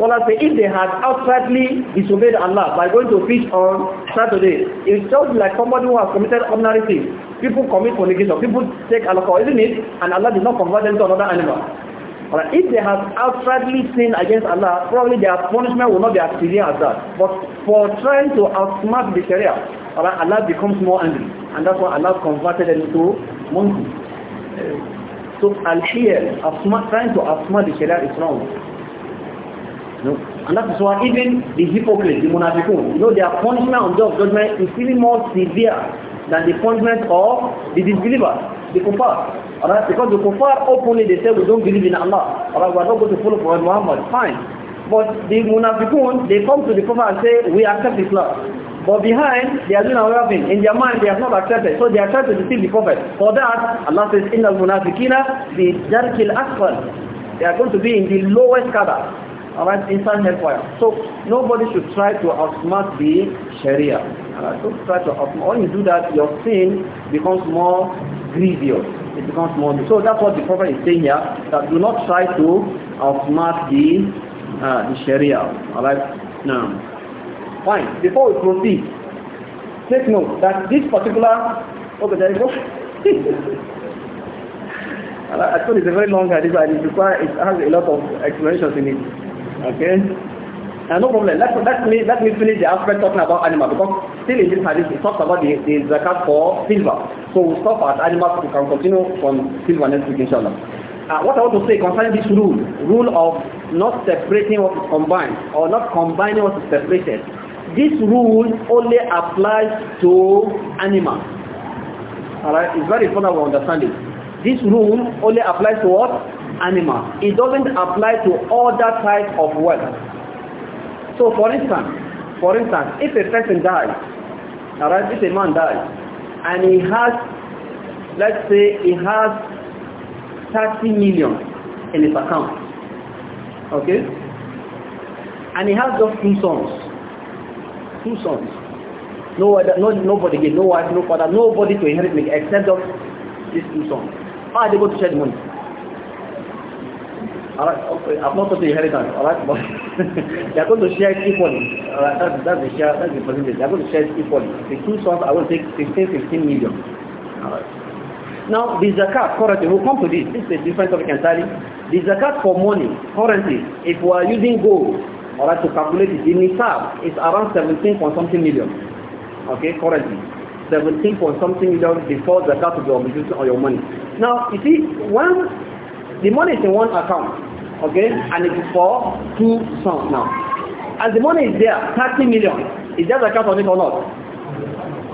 Scholars say if they had outrightly disobeyed Allah by going to fish on Saturday, it's just like somebody who has committed ordinary sin. People commit fornication, people take alcohol, isn't it? And Allah did not convert them to another animal. Right. If they have outrightly sinned against Allah, probably their punishment will not be as severe as that. But for trying to outsmart the Sharia, right, Allah becomes more angry. And that's why Allah converted them to monkey. So al-hiyal, trying to outsmart the Sharia is wrong. No. And that is why even the hypocrites, the munafiqun, you know, their punishment on day of judgment is even more severe than the punishment of the disbelievers, the kuffar. Alright, because the kuffar openly they say we don't believe in Allah. Alright, we are not going to follow Prophet Muhammad. Fine. But the munafiqun, they come to the Prophet and say we accept Islam. But behind, they are doing another thing. In their mind, they have not accepted. So they are trying to deceive the prophet. For that, Allah says, إِنَّ الْمُنَافِقِينَ بِدَرْكِ الْأَسْفَلِ They are going to be in the lowest cadre. Alright, inside hellfire. So nobody should try to outsmart the Sharia. Alright, don't try to outsmart. When you do that, your sin becomes more grievous. It becomes more. So that's what the Prophet is saying here. That do not try to outsmart the, uh, the Sharia. Alright, now. Fine. Before we proceed, take note that this particular. Okay, there you go. (laughs) I thought it's a very long hadith it requires it has a lot of explanations in it. Okay? And no problem. Let, let, me, let me finish the aspect talking about animal because still in this hadith it talks about the, the zakat for silver. So we'll stop at animals. We can continue from silver next week inshallah. Uh, what I want to say concerning this rule, rule of not separating what is combined or not combining what is separated, this rule only applies to animals. Alright, it's very important we understand it. This rule only applies to what? animals. It doesn't apply to other types of wealth. So for instance, for instance, if a person dies, alright, if a man dies, and he has, let's say he has 30 million in his account, okay? And he has just two sons, two sons. No, other, no, nobody again, no wife, no father, nobody to inherit me except just these two sons. How are they going to share the money? Alright, I'm not talking inheritance, alright? But (laughs) they're going to share equally. Alright, that's, that's the share, that's the percentage. They're going to share equally. The two sons, I will take 15, 15 million. Alright. Now, the zakat currently, we'll come to this. This is a different topic entirely. The zakat for money, currently, if we are using gold, alright, to calculate it, the nisab is around 17 point something million. Okay, currently. 17 point something million before zakat will be obligation on your money. Now, you see, when the money is in one account, Okay? And it is for two sons now. As the money is there, 30 million. Is there zakat on it or not?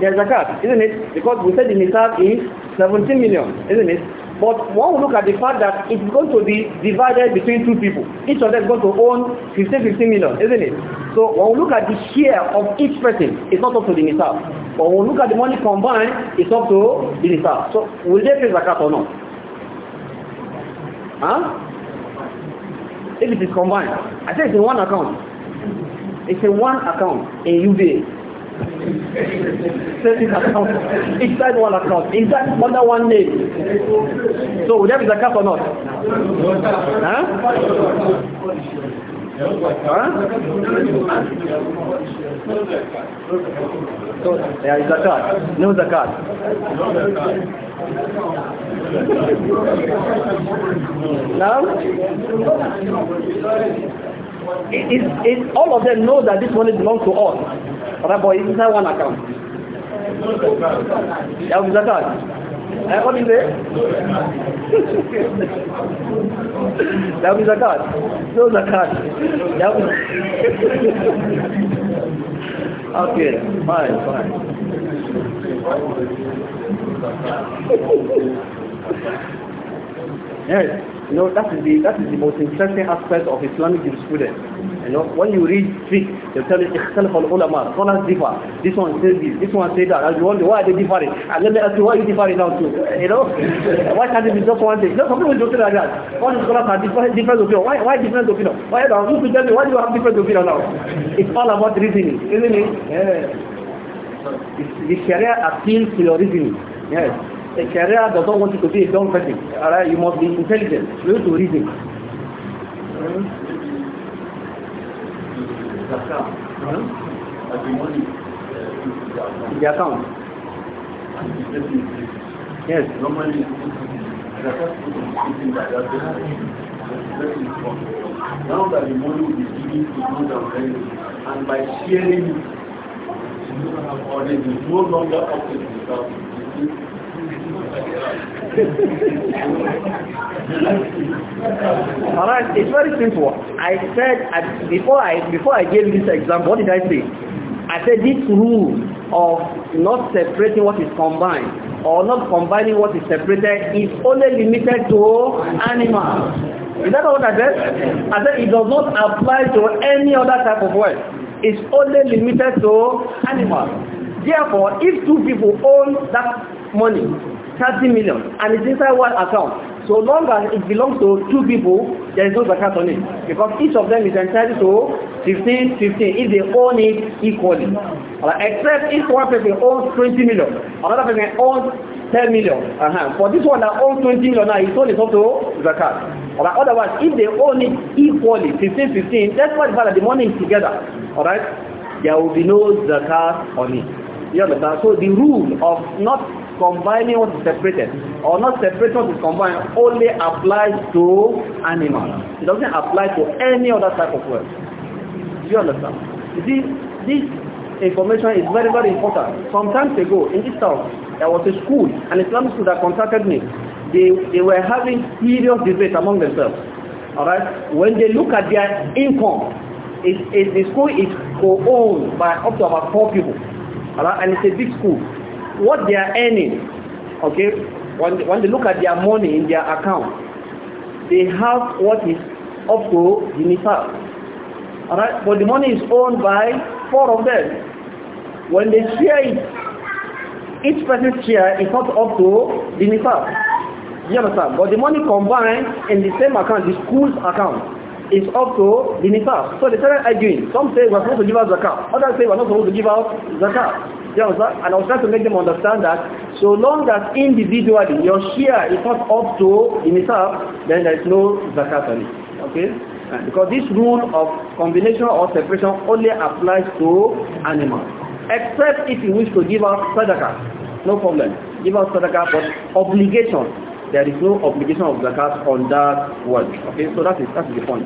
There is zakat, isn't it? Because we said the nisab is 17 million, isn't it? But one will look at the fact that it is going to be divided between two people. Each of them is going to own 15, 15 million, isn't it? So when we look at the share of each person, it's not up to the nisab. But when we look at the money combined, it's up to the nisab. So will they pay zakat or not? Huh? if it is combined. I say it's in one account. It's in one account in UBA. Savings account. Inside one account. Inside under one name. So would that be the cap or not? Huh? Huh? yeah, zakat. No zakat. now? It, it, it, all of them know that this money belongs to us. Right, but it's not one account. That zakat. Eh, what is it? that was a card. That was a card. okay, fine, fine. (laughs) yes. You know, that is the, that is the most interesting aspect of Islamic jurisprudence. You know, when you read fiqh, they tell you, اختلف العلماء, scholars differ. This one says this, this one says that. And you wonder, why are they differing? And then they ask you, why are you differing now too? You know, (laughs) why can't it be just one thing? No, some people don't like that. All the scholars have different, different opinion. Why, why different opinion? Why, now, you could tell me, why do you have different opinion now? It's all about reasoning, isn't it? Yeah. the Sharia appeals to your reasoning. Yes. A career does not want you to be a dumb person. Alright, you must be intelligent. You need to reason. Hmm? Hmm? The account. Yes. now that the money will be given to those already, and by sharing it, or it is no longer up to the All right, it's very simple. I said before I before I gave this example, what did I say? I said this rule of not separating what is combined or not combining what is separated is only limited to animals. Is that what I said? I said it does not apply to any other type of work. It's only limited to animals. Therefore, if two people own that money 30 million and it's inside one account. So long as it belongs to two people, there is no zakat on it. Because each of them is entitled to 15, 15 if they own it equally. Right? Except if one person owns 20 million, another person owns 10 million. Uh -huh. For this one that owns 20 million now, he sold it also zakat. right. otherwise, if they own it equally, 15, 15, that's why the fact that the money is together. All right. there will be no zakat on it. You understand? So the rule of not combining what is separated or not separate what is combined only applies to animals. It doesn't apply to any other type of work. Do you understand? You see, this information is very, very important. Some times ago in this town, there was a school, an Islamic school that contacted me. They, they were having serious debate among themselves. All right, When they look at their income, it, it, the school is co-owned by up to about four people. Alright? And it's a big school what they are earning, okay, when, when they look at their money in their account, they have what is up to the nifaq. Alright, but the money is owned by four of them. When they share it, each person's share is not up to the nifaq. You understand? But the money combined in the same account, the school's account, is up to the So they started arguing. Some say we're supposed to give out zakat. Others say we're not supposed to give out zakat. And Al-Ustaz to make them understand that so long as individually your share is not up to in itself, then there is no zakat on it. Okay? Because this rule of combination or separation only applies to animals. Except if you wish to give out sadaqah. No problem. Give out sadaqah, but obligation. There is no obligation of zakat on that one. Okay, so that is, that is the point.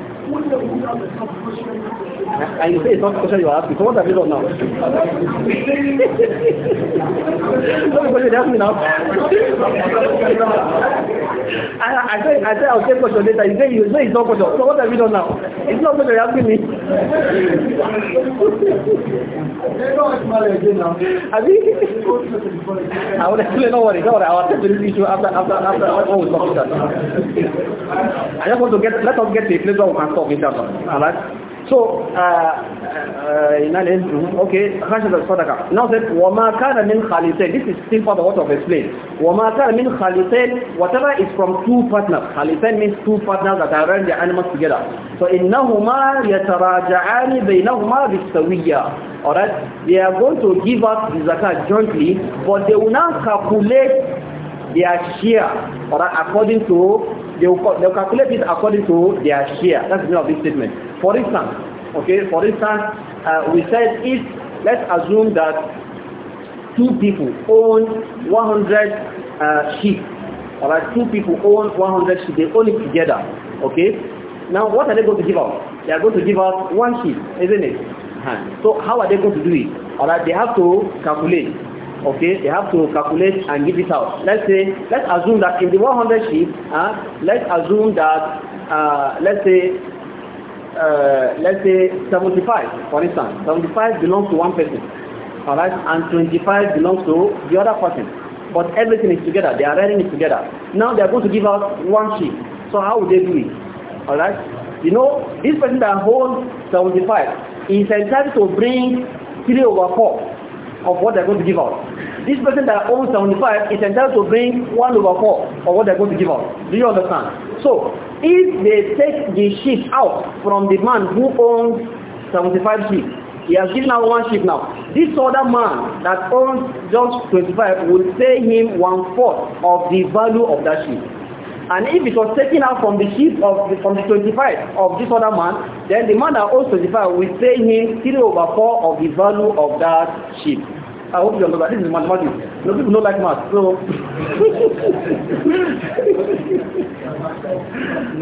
And you say it's not the you are me. So what have you done now? not (laughs) the question you asked me now. (laughs) I, I said I said I'll take question later. You say you say it's not question. So what have you done now? It's not question you're asking me. (laughs) I think I would explain Don't worry, don't worry, I attend to this issue after after after what was talking about. I just want to get let us get to a place where we can Talking about, alright so uh, uh mm-hmm, okay خشية الصدقة now that وما كان من this is still part of what I've explained وما كان من whatever is from two partners خالصين means two partners that are running the animals together so إنهما يتراجعان بينهما بالسوية alright they are going to give up the zakat jointly but they will not calculate their share, or according to, they will, they will calculate it according to their share. That's the meaning of this statement. For instance, okay, for instance, uh, we said if, let's assume that two people own 100 uh, sheep, all right, two people own 100 sheep, they own it together, okay? Now, what are they going to give out? They are going to give out one sheep, isn't it? Uh-huh. So how are they going to do it? All right, they have to calculate okay, they have to calculate and give it out. Let's say, let's assume that in the 100 sheep, uh, let's assume that, uh, let's say, uh, let's say 75, for instance, 75 belongs to one person, all right, and 25 belongs to the other person. But everything is together. They are writing it together. Now they are going to give out one sheep. So how would they do it? All right. You know, this person that holds 75 is entitled to bring three over four of what they're going to give out. This person that owns 75 is entitled to bring 1 over 4 of what they're going to give out. Do you understand? So, if they take the sheep out from the man who owns 75 sheep, he has given out one sheep now. This other man that owns just 25 will pay him one-fourth of the value of that sheep. And if it was taken out from the sheep of the, from the twenty-five of this other man, then the man that owns twenty-five will pay him three over four of the value of that sheep. I hope you understand. This is mathematics. You know, people don't like math. So, (laughs)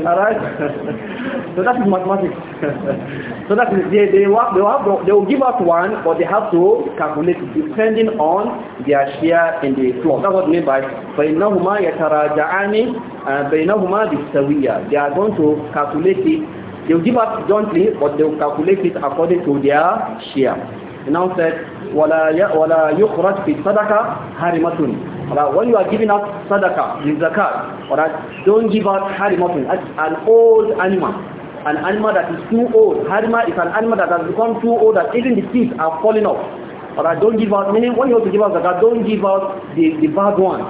all right. So that is mathematics. so that is they they will, they will, have, they will give us one, but they have to calculate depending on their share in the floor. That's what meant by بينهما يتراجعان بينهما بالسوية. They are going to calculate it. They will give us jointly, but they will calculate it according to their share. He now said, وَلَا يُخْرَجْ فِي صَدَقَ هَرِمَةٌ Alright, when you are giving out sadaqah, the zakat, alright, don't give out harimatun, an old animal. An animal that is too old. Harima is an animal that has become too old that even the teeth are falling off. Alright, don't give out, meaning when you have to give out zakat, don't give out the, the bad one.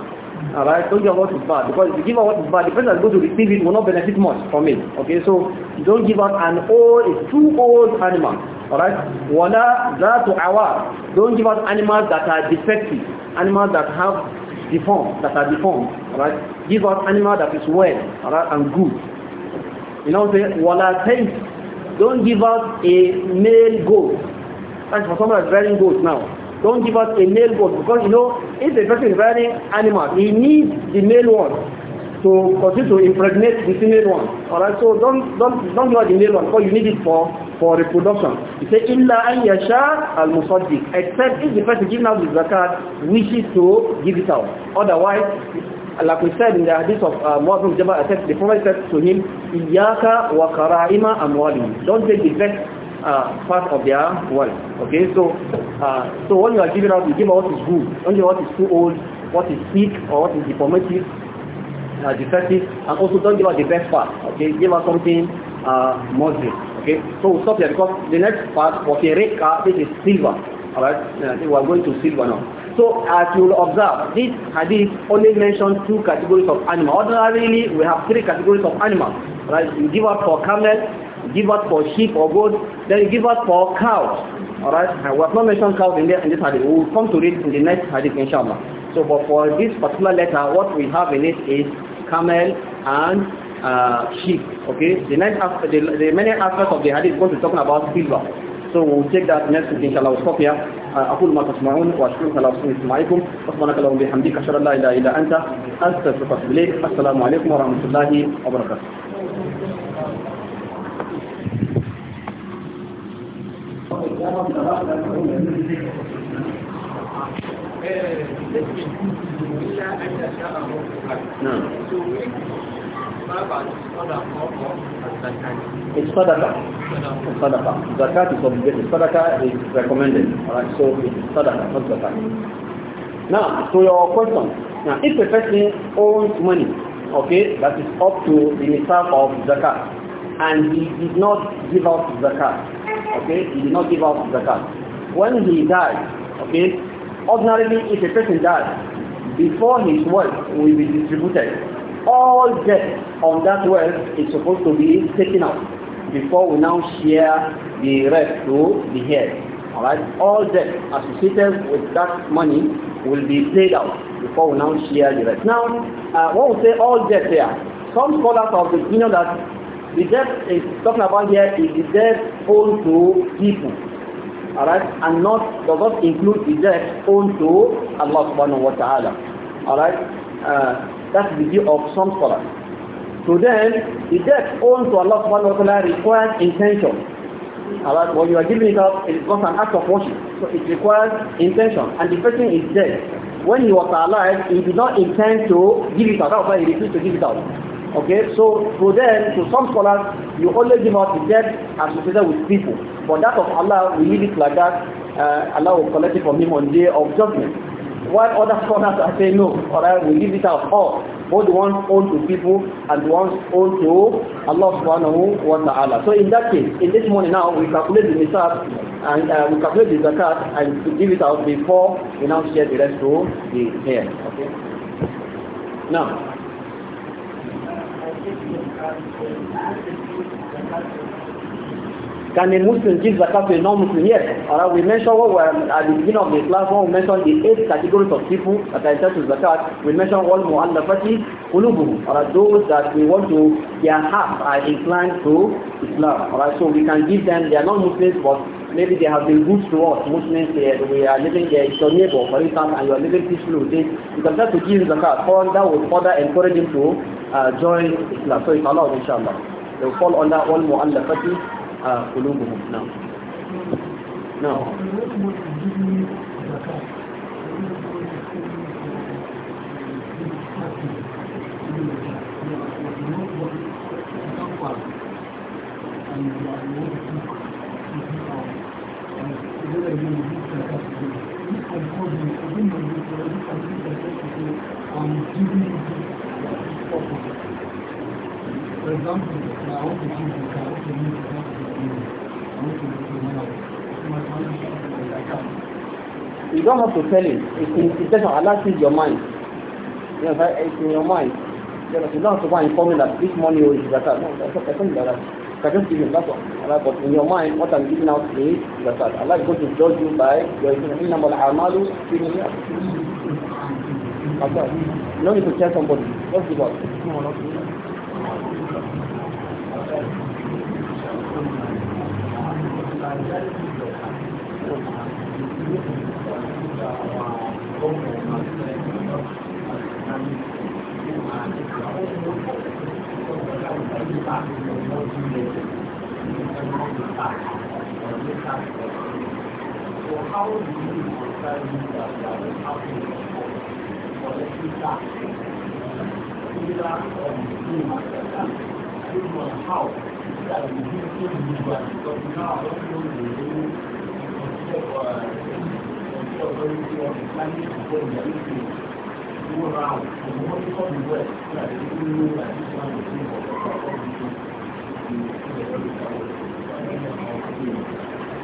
All right, don't give out what is bad because if you give out what is bad, the person that's going to receive it will not benefit much from it. Okay, so don't give out an old, a too old animal. Alright, wala zatu awa. Don't give out animals that are defective, animals that have deformed, that are deformed. All right, give out animal that is well, alright, and good. You know what I'm saying? Wala taint. Don't give out a male goat. That's for someone that's riding goats now. Don't give us a male goat because you know, if the person is riding animal, he needs the male one to continue to impregnate the female one. Alright, so don't don't don't give us the male one because you need it for for reproduction. He say Illa an yasha al musaddiq except if the person giving out the zakat wishes to give it out. Otherwise, like we said in the hadith of uh, Muslim Jabal, the Prophet said to him, Iyaka wa kara'ima amwali. Don't take the best uh, part of their world. Okay, so uh, so when you are giving out, you give out what is good, only what is too old, what is sick, or what is deformative, uh, defective, and also don't give out the best part. Okay, give out something uh, moderate. Okay, so we'll stop here because the next part of a red car this is silver. Alright, right, uh, we are going to silver now. So as you will observe, this hadith only mentions two categories of animal. Ordinarily, we have three categories of animals. Right, you give out for camel, give us for sheep or goat, then give us for cows. Alright? We have not mentioned cows in, the, in this hadith. We will come to it in the next hadith inshallah. So but for this particular letter, what we have in it is camel and uh, sheep. Okay? The, next, the, the many aspects of the hadith is going to talking about silver. So we'll take that next week inshallah. We'll stop here. Uh, أقول ما تسمعون وأشكرك على حسن استماعكم سبحانك اللهم وبحمدك أشهد أن لا إله إلا أنت أستغفرك السلام عليكم ورحمة الله وبركاته It's sadaqah. It's sadaqah. Zakat is obligatory. Sadaqah is recommended. Alright, so it's sadaqah, not zakat. Now, to your question. Now, if a person owns money, okay, that is up to the nisab of zakat, and he did not give out zakat, okay, he did not give out zakat. When he died, okay, ordinarily if a person dies, before his wealth will be distributed, all debt on that wealth is supposed to be taken out before we now share the rest to the heirs. Alright, all debt associated with that money will be paid out before we now share the rest. Now, uh, when we say all debt there, some scholars of the opinion you know, that the debt is talking about here is the debt owed to people. Alright? And not does not include the debt owed to Allah subhanahu wa ta'ala. Alright? Uh, that's the view of some scholars. So then the debt owed to Allah subhanahu wa ta'ala requires intention. Alright, when you are giving it up, it is not an act of worship. So it requires intention. And the person is dead. When he was alive, he did not intend to give it out. That's why he refused to give it out. Okay, so for them, to some scholars, you always out the dead and associated with people. But that of Allah, we leave it like that. Uh, Allah will collect it from him on day of judgment. While other scholars are saying no, alright, we leave it out all. Both the ones owned to people and the ones owned to Allah subhanahu wa ta'ala. So in that case, in this morning now, we calculate the nisab and uh, we calculate the zakat and to give it out before we now share the rest to the hair. Okay? Now, Can a Muslim give zakat to a non-Muslim? Yes. Alright, we mentioned what we at the beginning of the class when we mentioned the eight categories of people that are entitled to zakat. We mentioned all mu'allafati qulubuhum. Alright, those that we want to, their hearts are inclined to Islam. Alright, so we can give them, they are non-Muslims but maybe they have been good to us, Muslims, they, we are living, there is your neighbor for instance and you are living peacefully with this. You can start to give zakat. For that will further encourage him to uh, join Islam. So it's allowed inshallah. They will fall under all mu'allafati قلوبهم نعم نعم For example, You don't have to tell him. It's in intention. Allah sees your mind. You know, it's in your mind. You, know, you don't have to go and inform him that this money is zakat. No, that's okay. that like that. can just give him that one. Allah, but in your mind, what I'm giving out is zakat. Allah is going to judge you by your innam al-amalu No need to tell somebody. Just give out.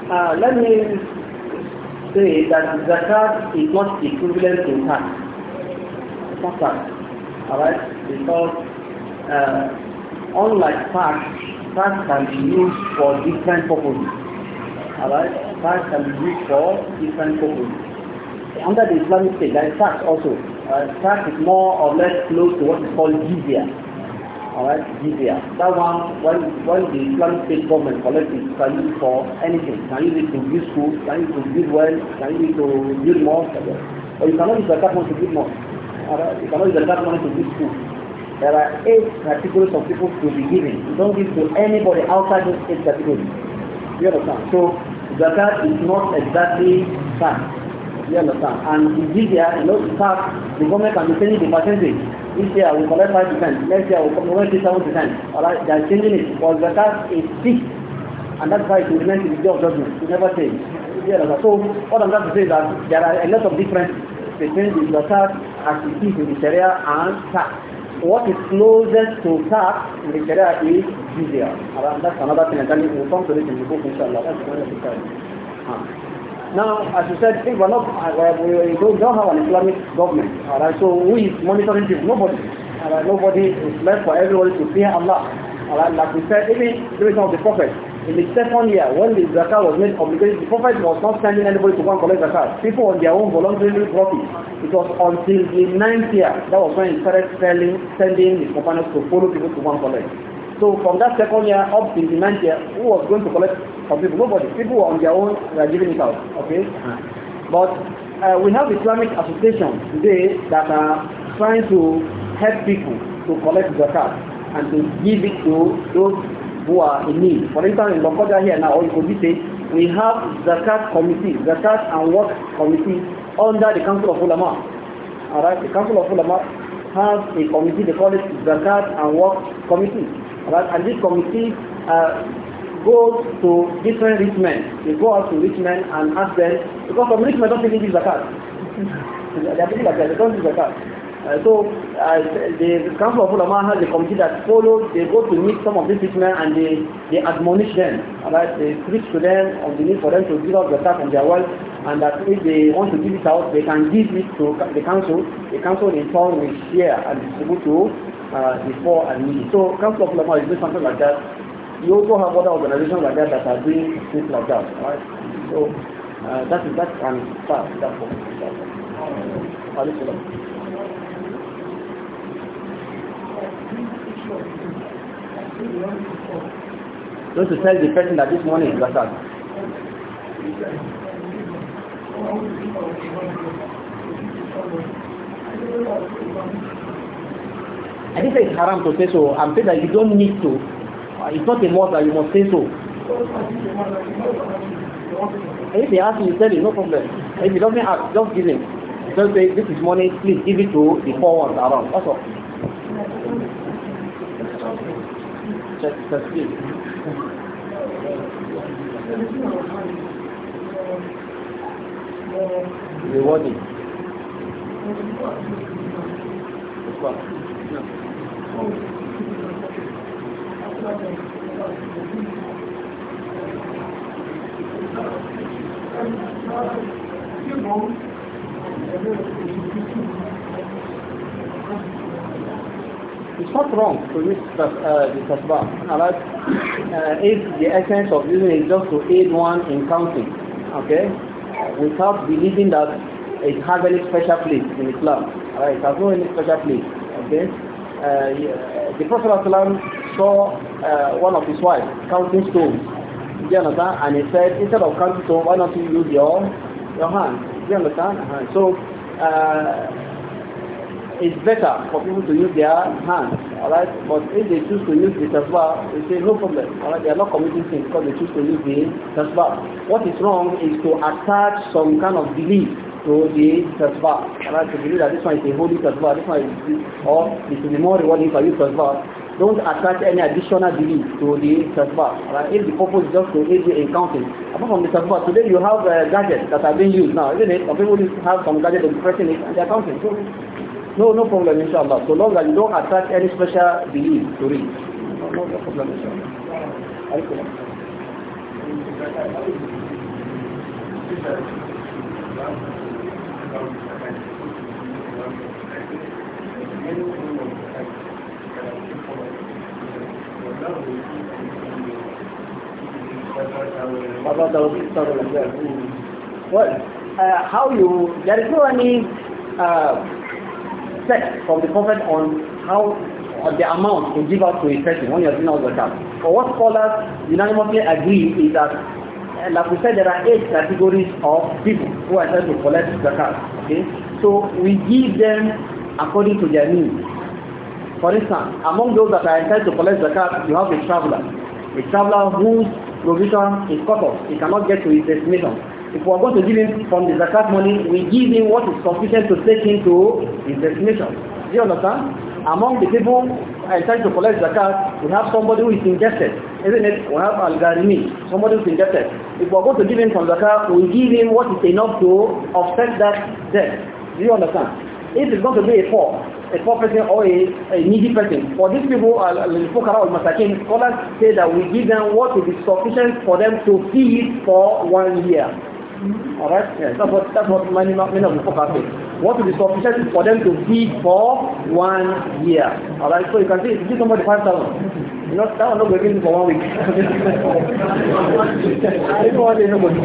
Uh, let me say that zakat is not equivalent to tax. It's not tax. Alright? Because uh, unlike tax, tax can be used for different purposes. Alright? Tax can be used for different purposes. Under the Islamic state, there is tax also. Uh, tax is more or less close to what is called jizya alright, jizya. That one, when, when the Islamic state government collects its can use for anything. Can use it to build schools, can use it to build well? can use it to build Okay. or you cannot use zakat money to build mosques. Alright, you cannot use zakat money to build schools. There are eight categories of people to be given. You don't give to anybody outside those eight categories. You understand? So, zakat is not exactly tax. You understand? And if this year, you know, start, the government can be changing the percentage. This year we collect five percent. next year we collect percent. Alright, they are changing it. But tax is fixed. And that's why it remains remain the day of judgment. It never change. You understand? So what I'm trying to say is that there are a lot of differences between the tax as it is in the Sharia and tax. What is closest to tax in the Sharia is jizya. Alright, that's another thing. And then we'll come to this in the book, inshallah. That's another thing. Huh. Now, as you said, we're not, uh, uh we don't have an Islamic government. All right? So who is monitoring this? Nobody. All right? Nobody is left for everybody to fear Allah. All right? Like we said, even during some of the prophets, in the second year, when the zakat was made obligatory, the prophet was not sending anybody to go and collect zakat. People on their own voluntarily brought it. It was until the ninth year, that was when he started selling, sending his companions to follow people to go and collect. So from that second year up to the ninth year, who was going to collect from people? Nobody. People were on their own, they are giving it out. Okay? Uh -huh. But uh, we have Islamic associations today that are trying to help people to collect zakat and to give it to those who are in need. For instance, in Lokoja here now, or in Kobite, we have the zakat committee, zakat and work committee under the Council of Ulama. Alright, the Council of Ulama has a committee, they call it Zakat and Work Committee. Right? And this committee uh, goes to different rich men. They go out to rich men and ask them, because some rich men don't really give zakat. (laughs) they are that, they don't give it's Uh, so uh, the Council of Ulama has a committee that follows, they go to meet some of these rich men and they, they admonish them, right? They preach to them on the need for them to give out the tax on their wealth and that if they want to give it out, they can give it to the council. The council in turn will share and distribute to uh, before and me. So Council of Lama is doing something like that. You also have other organizations like that that are doing things like that, right? So uh, that is that and start that for Just to tell the person that this morning is Zakat. I didn't say it's haram to say so. I'm saying that you don't need to. it's not a must that you must say so. If they ask you, you tell him, no problem. If he doesn't ask, just give him. Just say, this is money, please give it to the poor ones around. That's all. Check, check, please. Rewarding. It's fun. It's not wrong to use uh, the tasbah. Alright? Uh, if the essence of using it is just to aid one in counting, okay? Without believing that it has any special place in Islam. Alright? It has no any special place, okay? Uh, the Prophet saw uh, one of his wives counting stones. You understand? And he said, instead of counting stones, why don't you use your your hand? You understand? Uh -huh. So uh, it's better for people to use their hands, alright? But if they choose to use the tasbah, we say no problem, alright? They are not committing sin because they choose to use the tasbah. What is wrong is to attach some kind of belief so the tasbah. And I believe that this one is a holy tasbah, this one is, or this is more rewarding for you tasbah. Don't attach any additional belief to the tasbah. Right? If the purpose is just to aid you in counting. Apart from the tasbah, today you have uh, gadgets that are being used now, isn't it? Some people have some gadgets and pressing it and they are counting. So, no, no problem, inshallah. So long as you don't attach any special belief to it. No, no, no problem, inshallah. Thank you. Well, uh, how you, there is no any uh, set from the Prophet on how, on the amount to give out to a person when you are doing out the But what scholars unanimously agree is that Eh, like we said, there are eight categories of people who are trying to collect zakat. Okay, so we give them according to their needs. For instance, among those that are entitled to collect zakat, you have a traveler, a traveler whose provision is cut off; he cannot get to his destination. If we are going to give him from the zakat money, we give him what is sufficient to take him to his destination. Do you understand? among the people try to collect zakat, we have somebody who is injected. Isn't it? We have al-gharimi, somebody who is injected. If we are going to give him some zakat, we give him what is enough to offset that debt. Do you understand? If it's going to be a poor, a poor person or a, a needy person, for these people, al-fukara al-masakin, scholars say that we give them what is sufficient for them to feed for one year. Alright? Yes, that's what, that's what many, many of the fukara say. what will be sufficient for them to feed for one year. Alright, so you can see, give somebody 5,000. You know, that one not going to for one week. one day, nobody.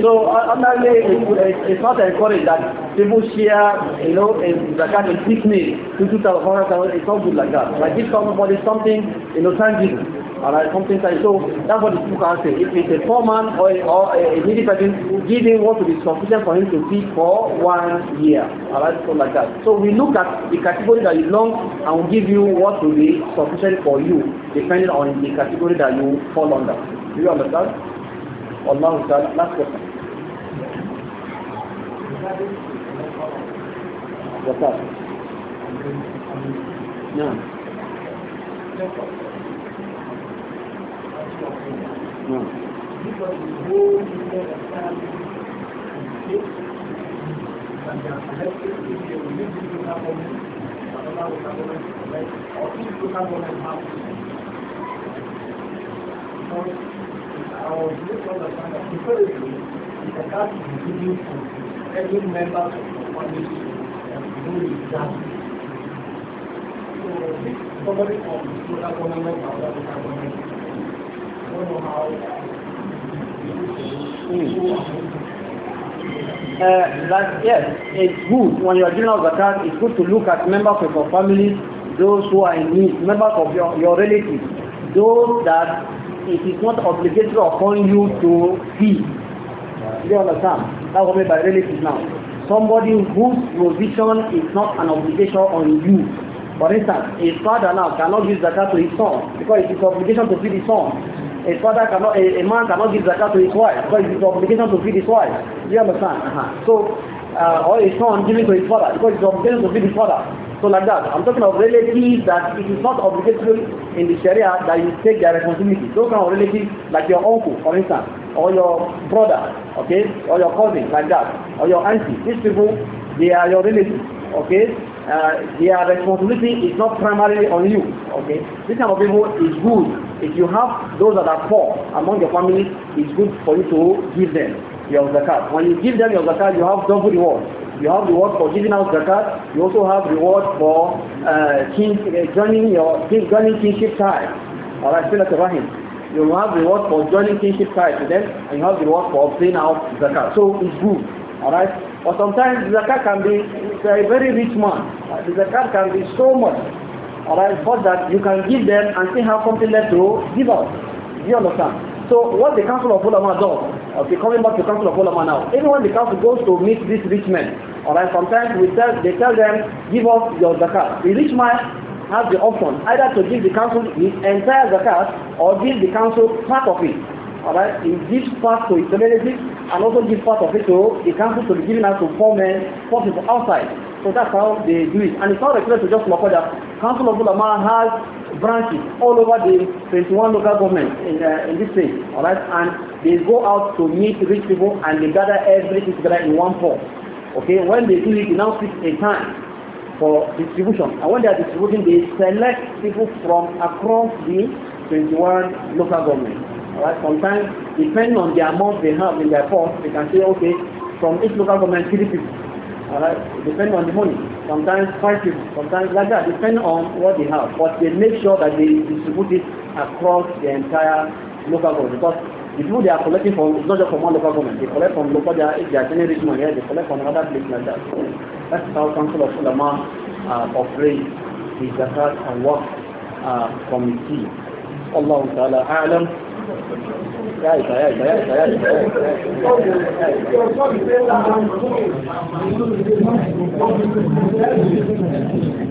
So, ordinarily, uh, it's not encouraged that people share, you know, in Zakat and pick me to 2,000, it's not good like that. Like, give somebody something, you know, tangible. Alright, something like so. That's what the speaker has say. If it's a poor man or a, or a needy person, give him what will be sufficient for him to feed for one year. Alright, so like that. So we look at the category that you belong and we give you what will be sufficient for you, depending on the category that you fall under. Do you understand? Allah Ta'ala, last question. What's that? No. No. Because the whole every member of the family do his job. So if somebody from the local government or local government Hmm. Uh, that yes, it's good when you are doing out zakat. It's good to look at members of your family, those who are in need, members of your, your relatives, those that it is not obligatory upon you to see. Do you understand? That's what I mean by relatives now. Somebody whose position is not an obligation on you. For instance, a father now cannot give zakat to his son because it is obligation to feed his son. A father cannot, a, a man cannot give zakat to his wife because it's obligation to feed his wife. you understand? Uh -huh. So, uh, or a son giving to his father because it's obligation to feed his father. So like that. I'm talking of relatives that it is not obligatory in the Sharia that you take their responsibility. Those kind of relatives like your uncle, for instance, or your brother, okay, or your cousin, like that, or your auntie. These people, they are your relatives, okay? Uh, their responsibility is not primarily on you, okay? This kind of people is good If you have those that are poor among your family, it's good for you to give them your zakat. When you give them your zakat, you have double reward. You have reward for giving out zakat. You also have reward for uh, kin, uh, joining your joining kinship tie. All right, Silat Rahim. You have reward for joining kinship tie to them, and you have reward for paying out zakat. So it's good. All right. Or sometimes zakat can be a very rich man. The zakat can be so much Alright, for that you can give them and see how something left to give out. Do you understand? So what the Council of Ulama does, okay, coming back to Council of Ulama now, anyone the Council goes to meet this rich men, alright, sometimes we tell, they tell them, give us your zakat. The rich man has the option either to give the Council his entire zakat or give the Council part of it. Alright, he gives part to his relatives and also gives part of it to the Council to be given out to poor men, poor people outside. So that's how they do it. And it's not restricted to just Makoda. Council of Ulama has branches all over the 21 local governments in, uh, in this state. All right, And they go out to meet rich people and they gather everything together in one pot. Okay? When they do it, they now fix a time for distribution. And when they are distributing, they select people from across the 21 local governments. right, sometimes depending on the amount they have in their force, they can say, okay, from each local government, three people. Alright? Depending on the money. Sometimes five people, sometimes like that, depending on what they have. But they make sure that they distribute it across the entire local government. Because the people they are collecting from is not just from one local government. They collect from local, they are, if they are getting rich money, they collect from another place like that. that's how Council of Ulama uh, operates the zakat and work uh, committee. Allah Ta'ala A'lam. Thank you.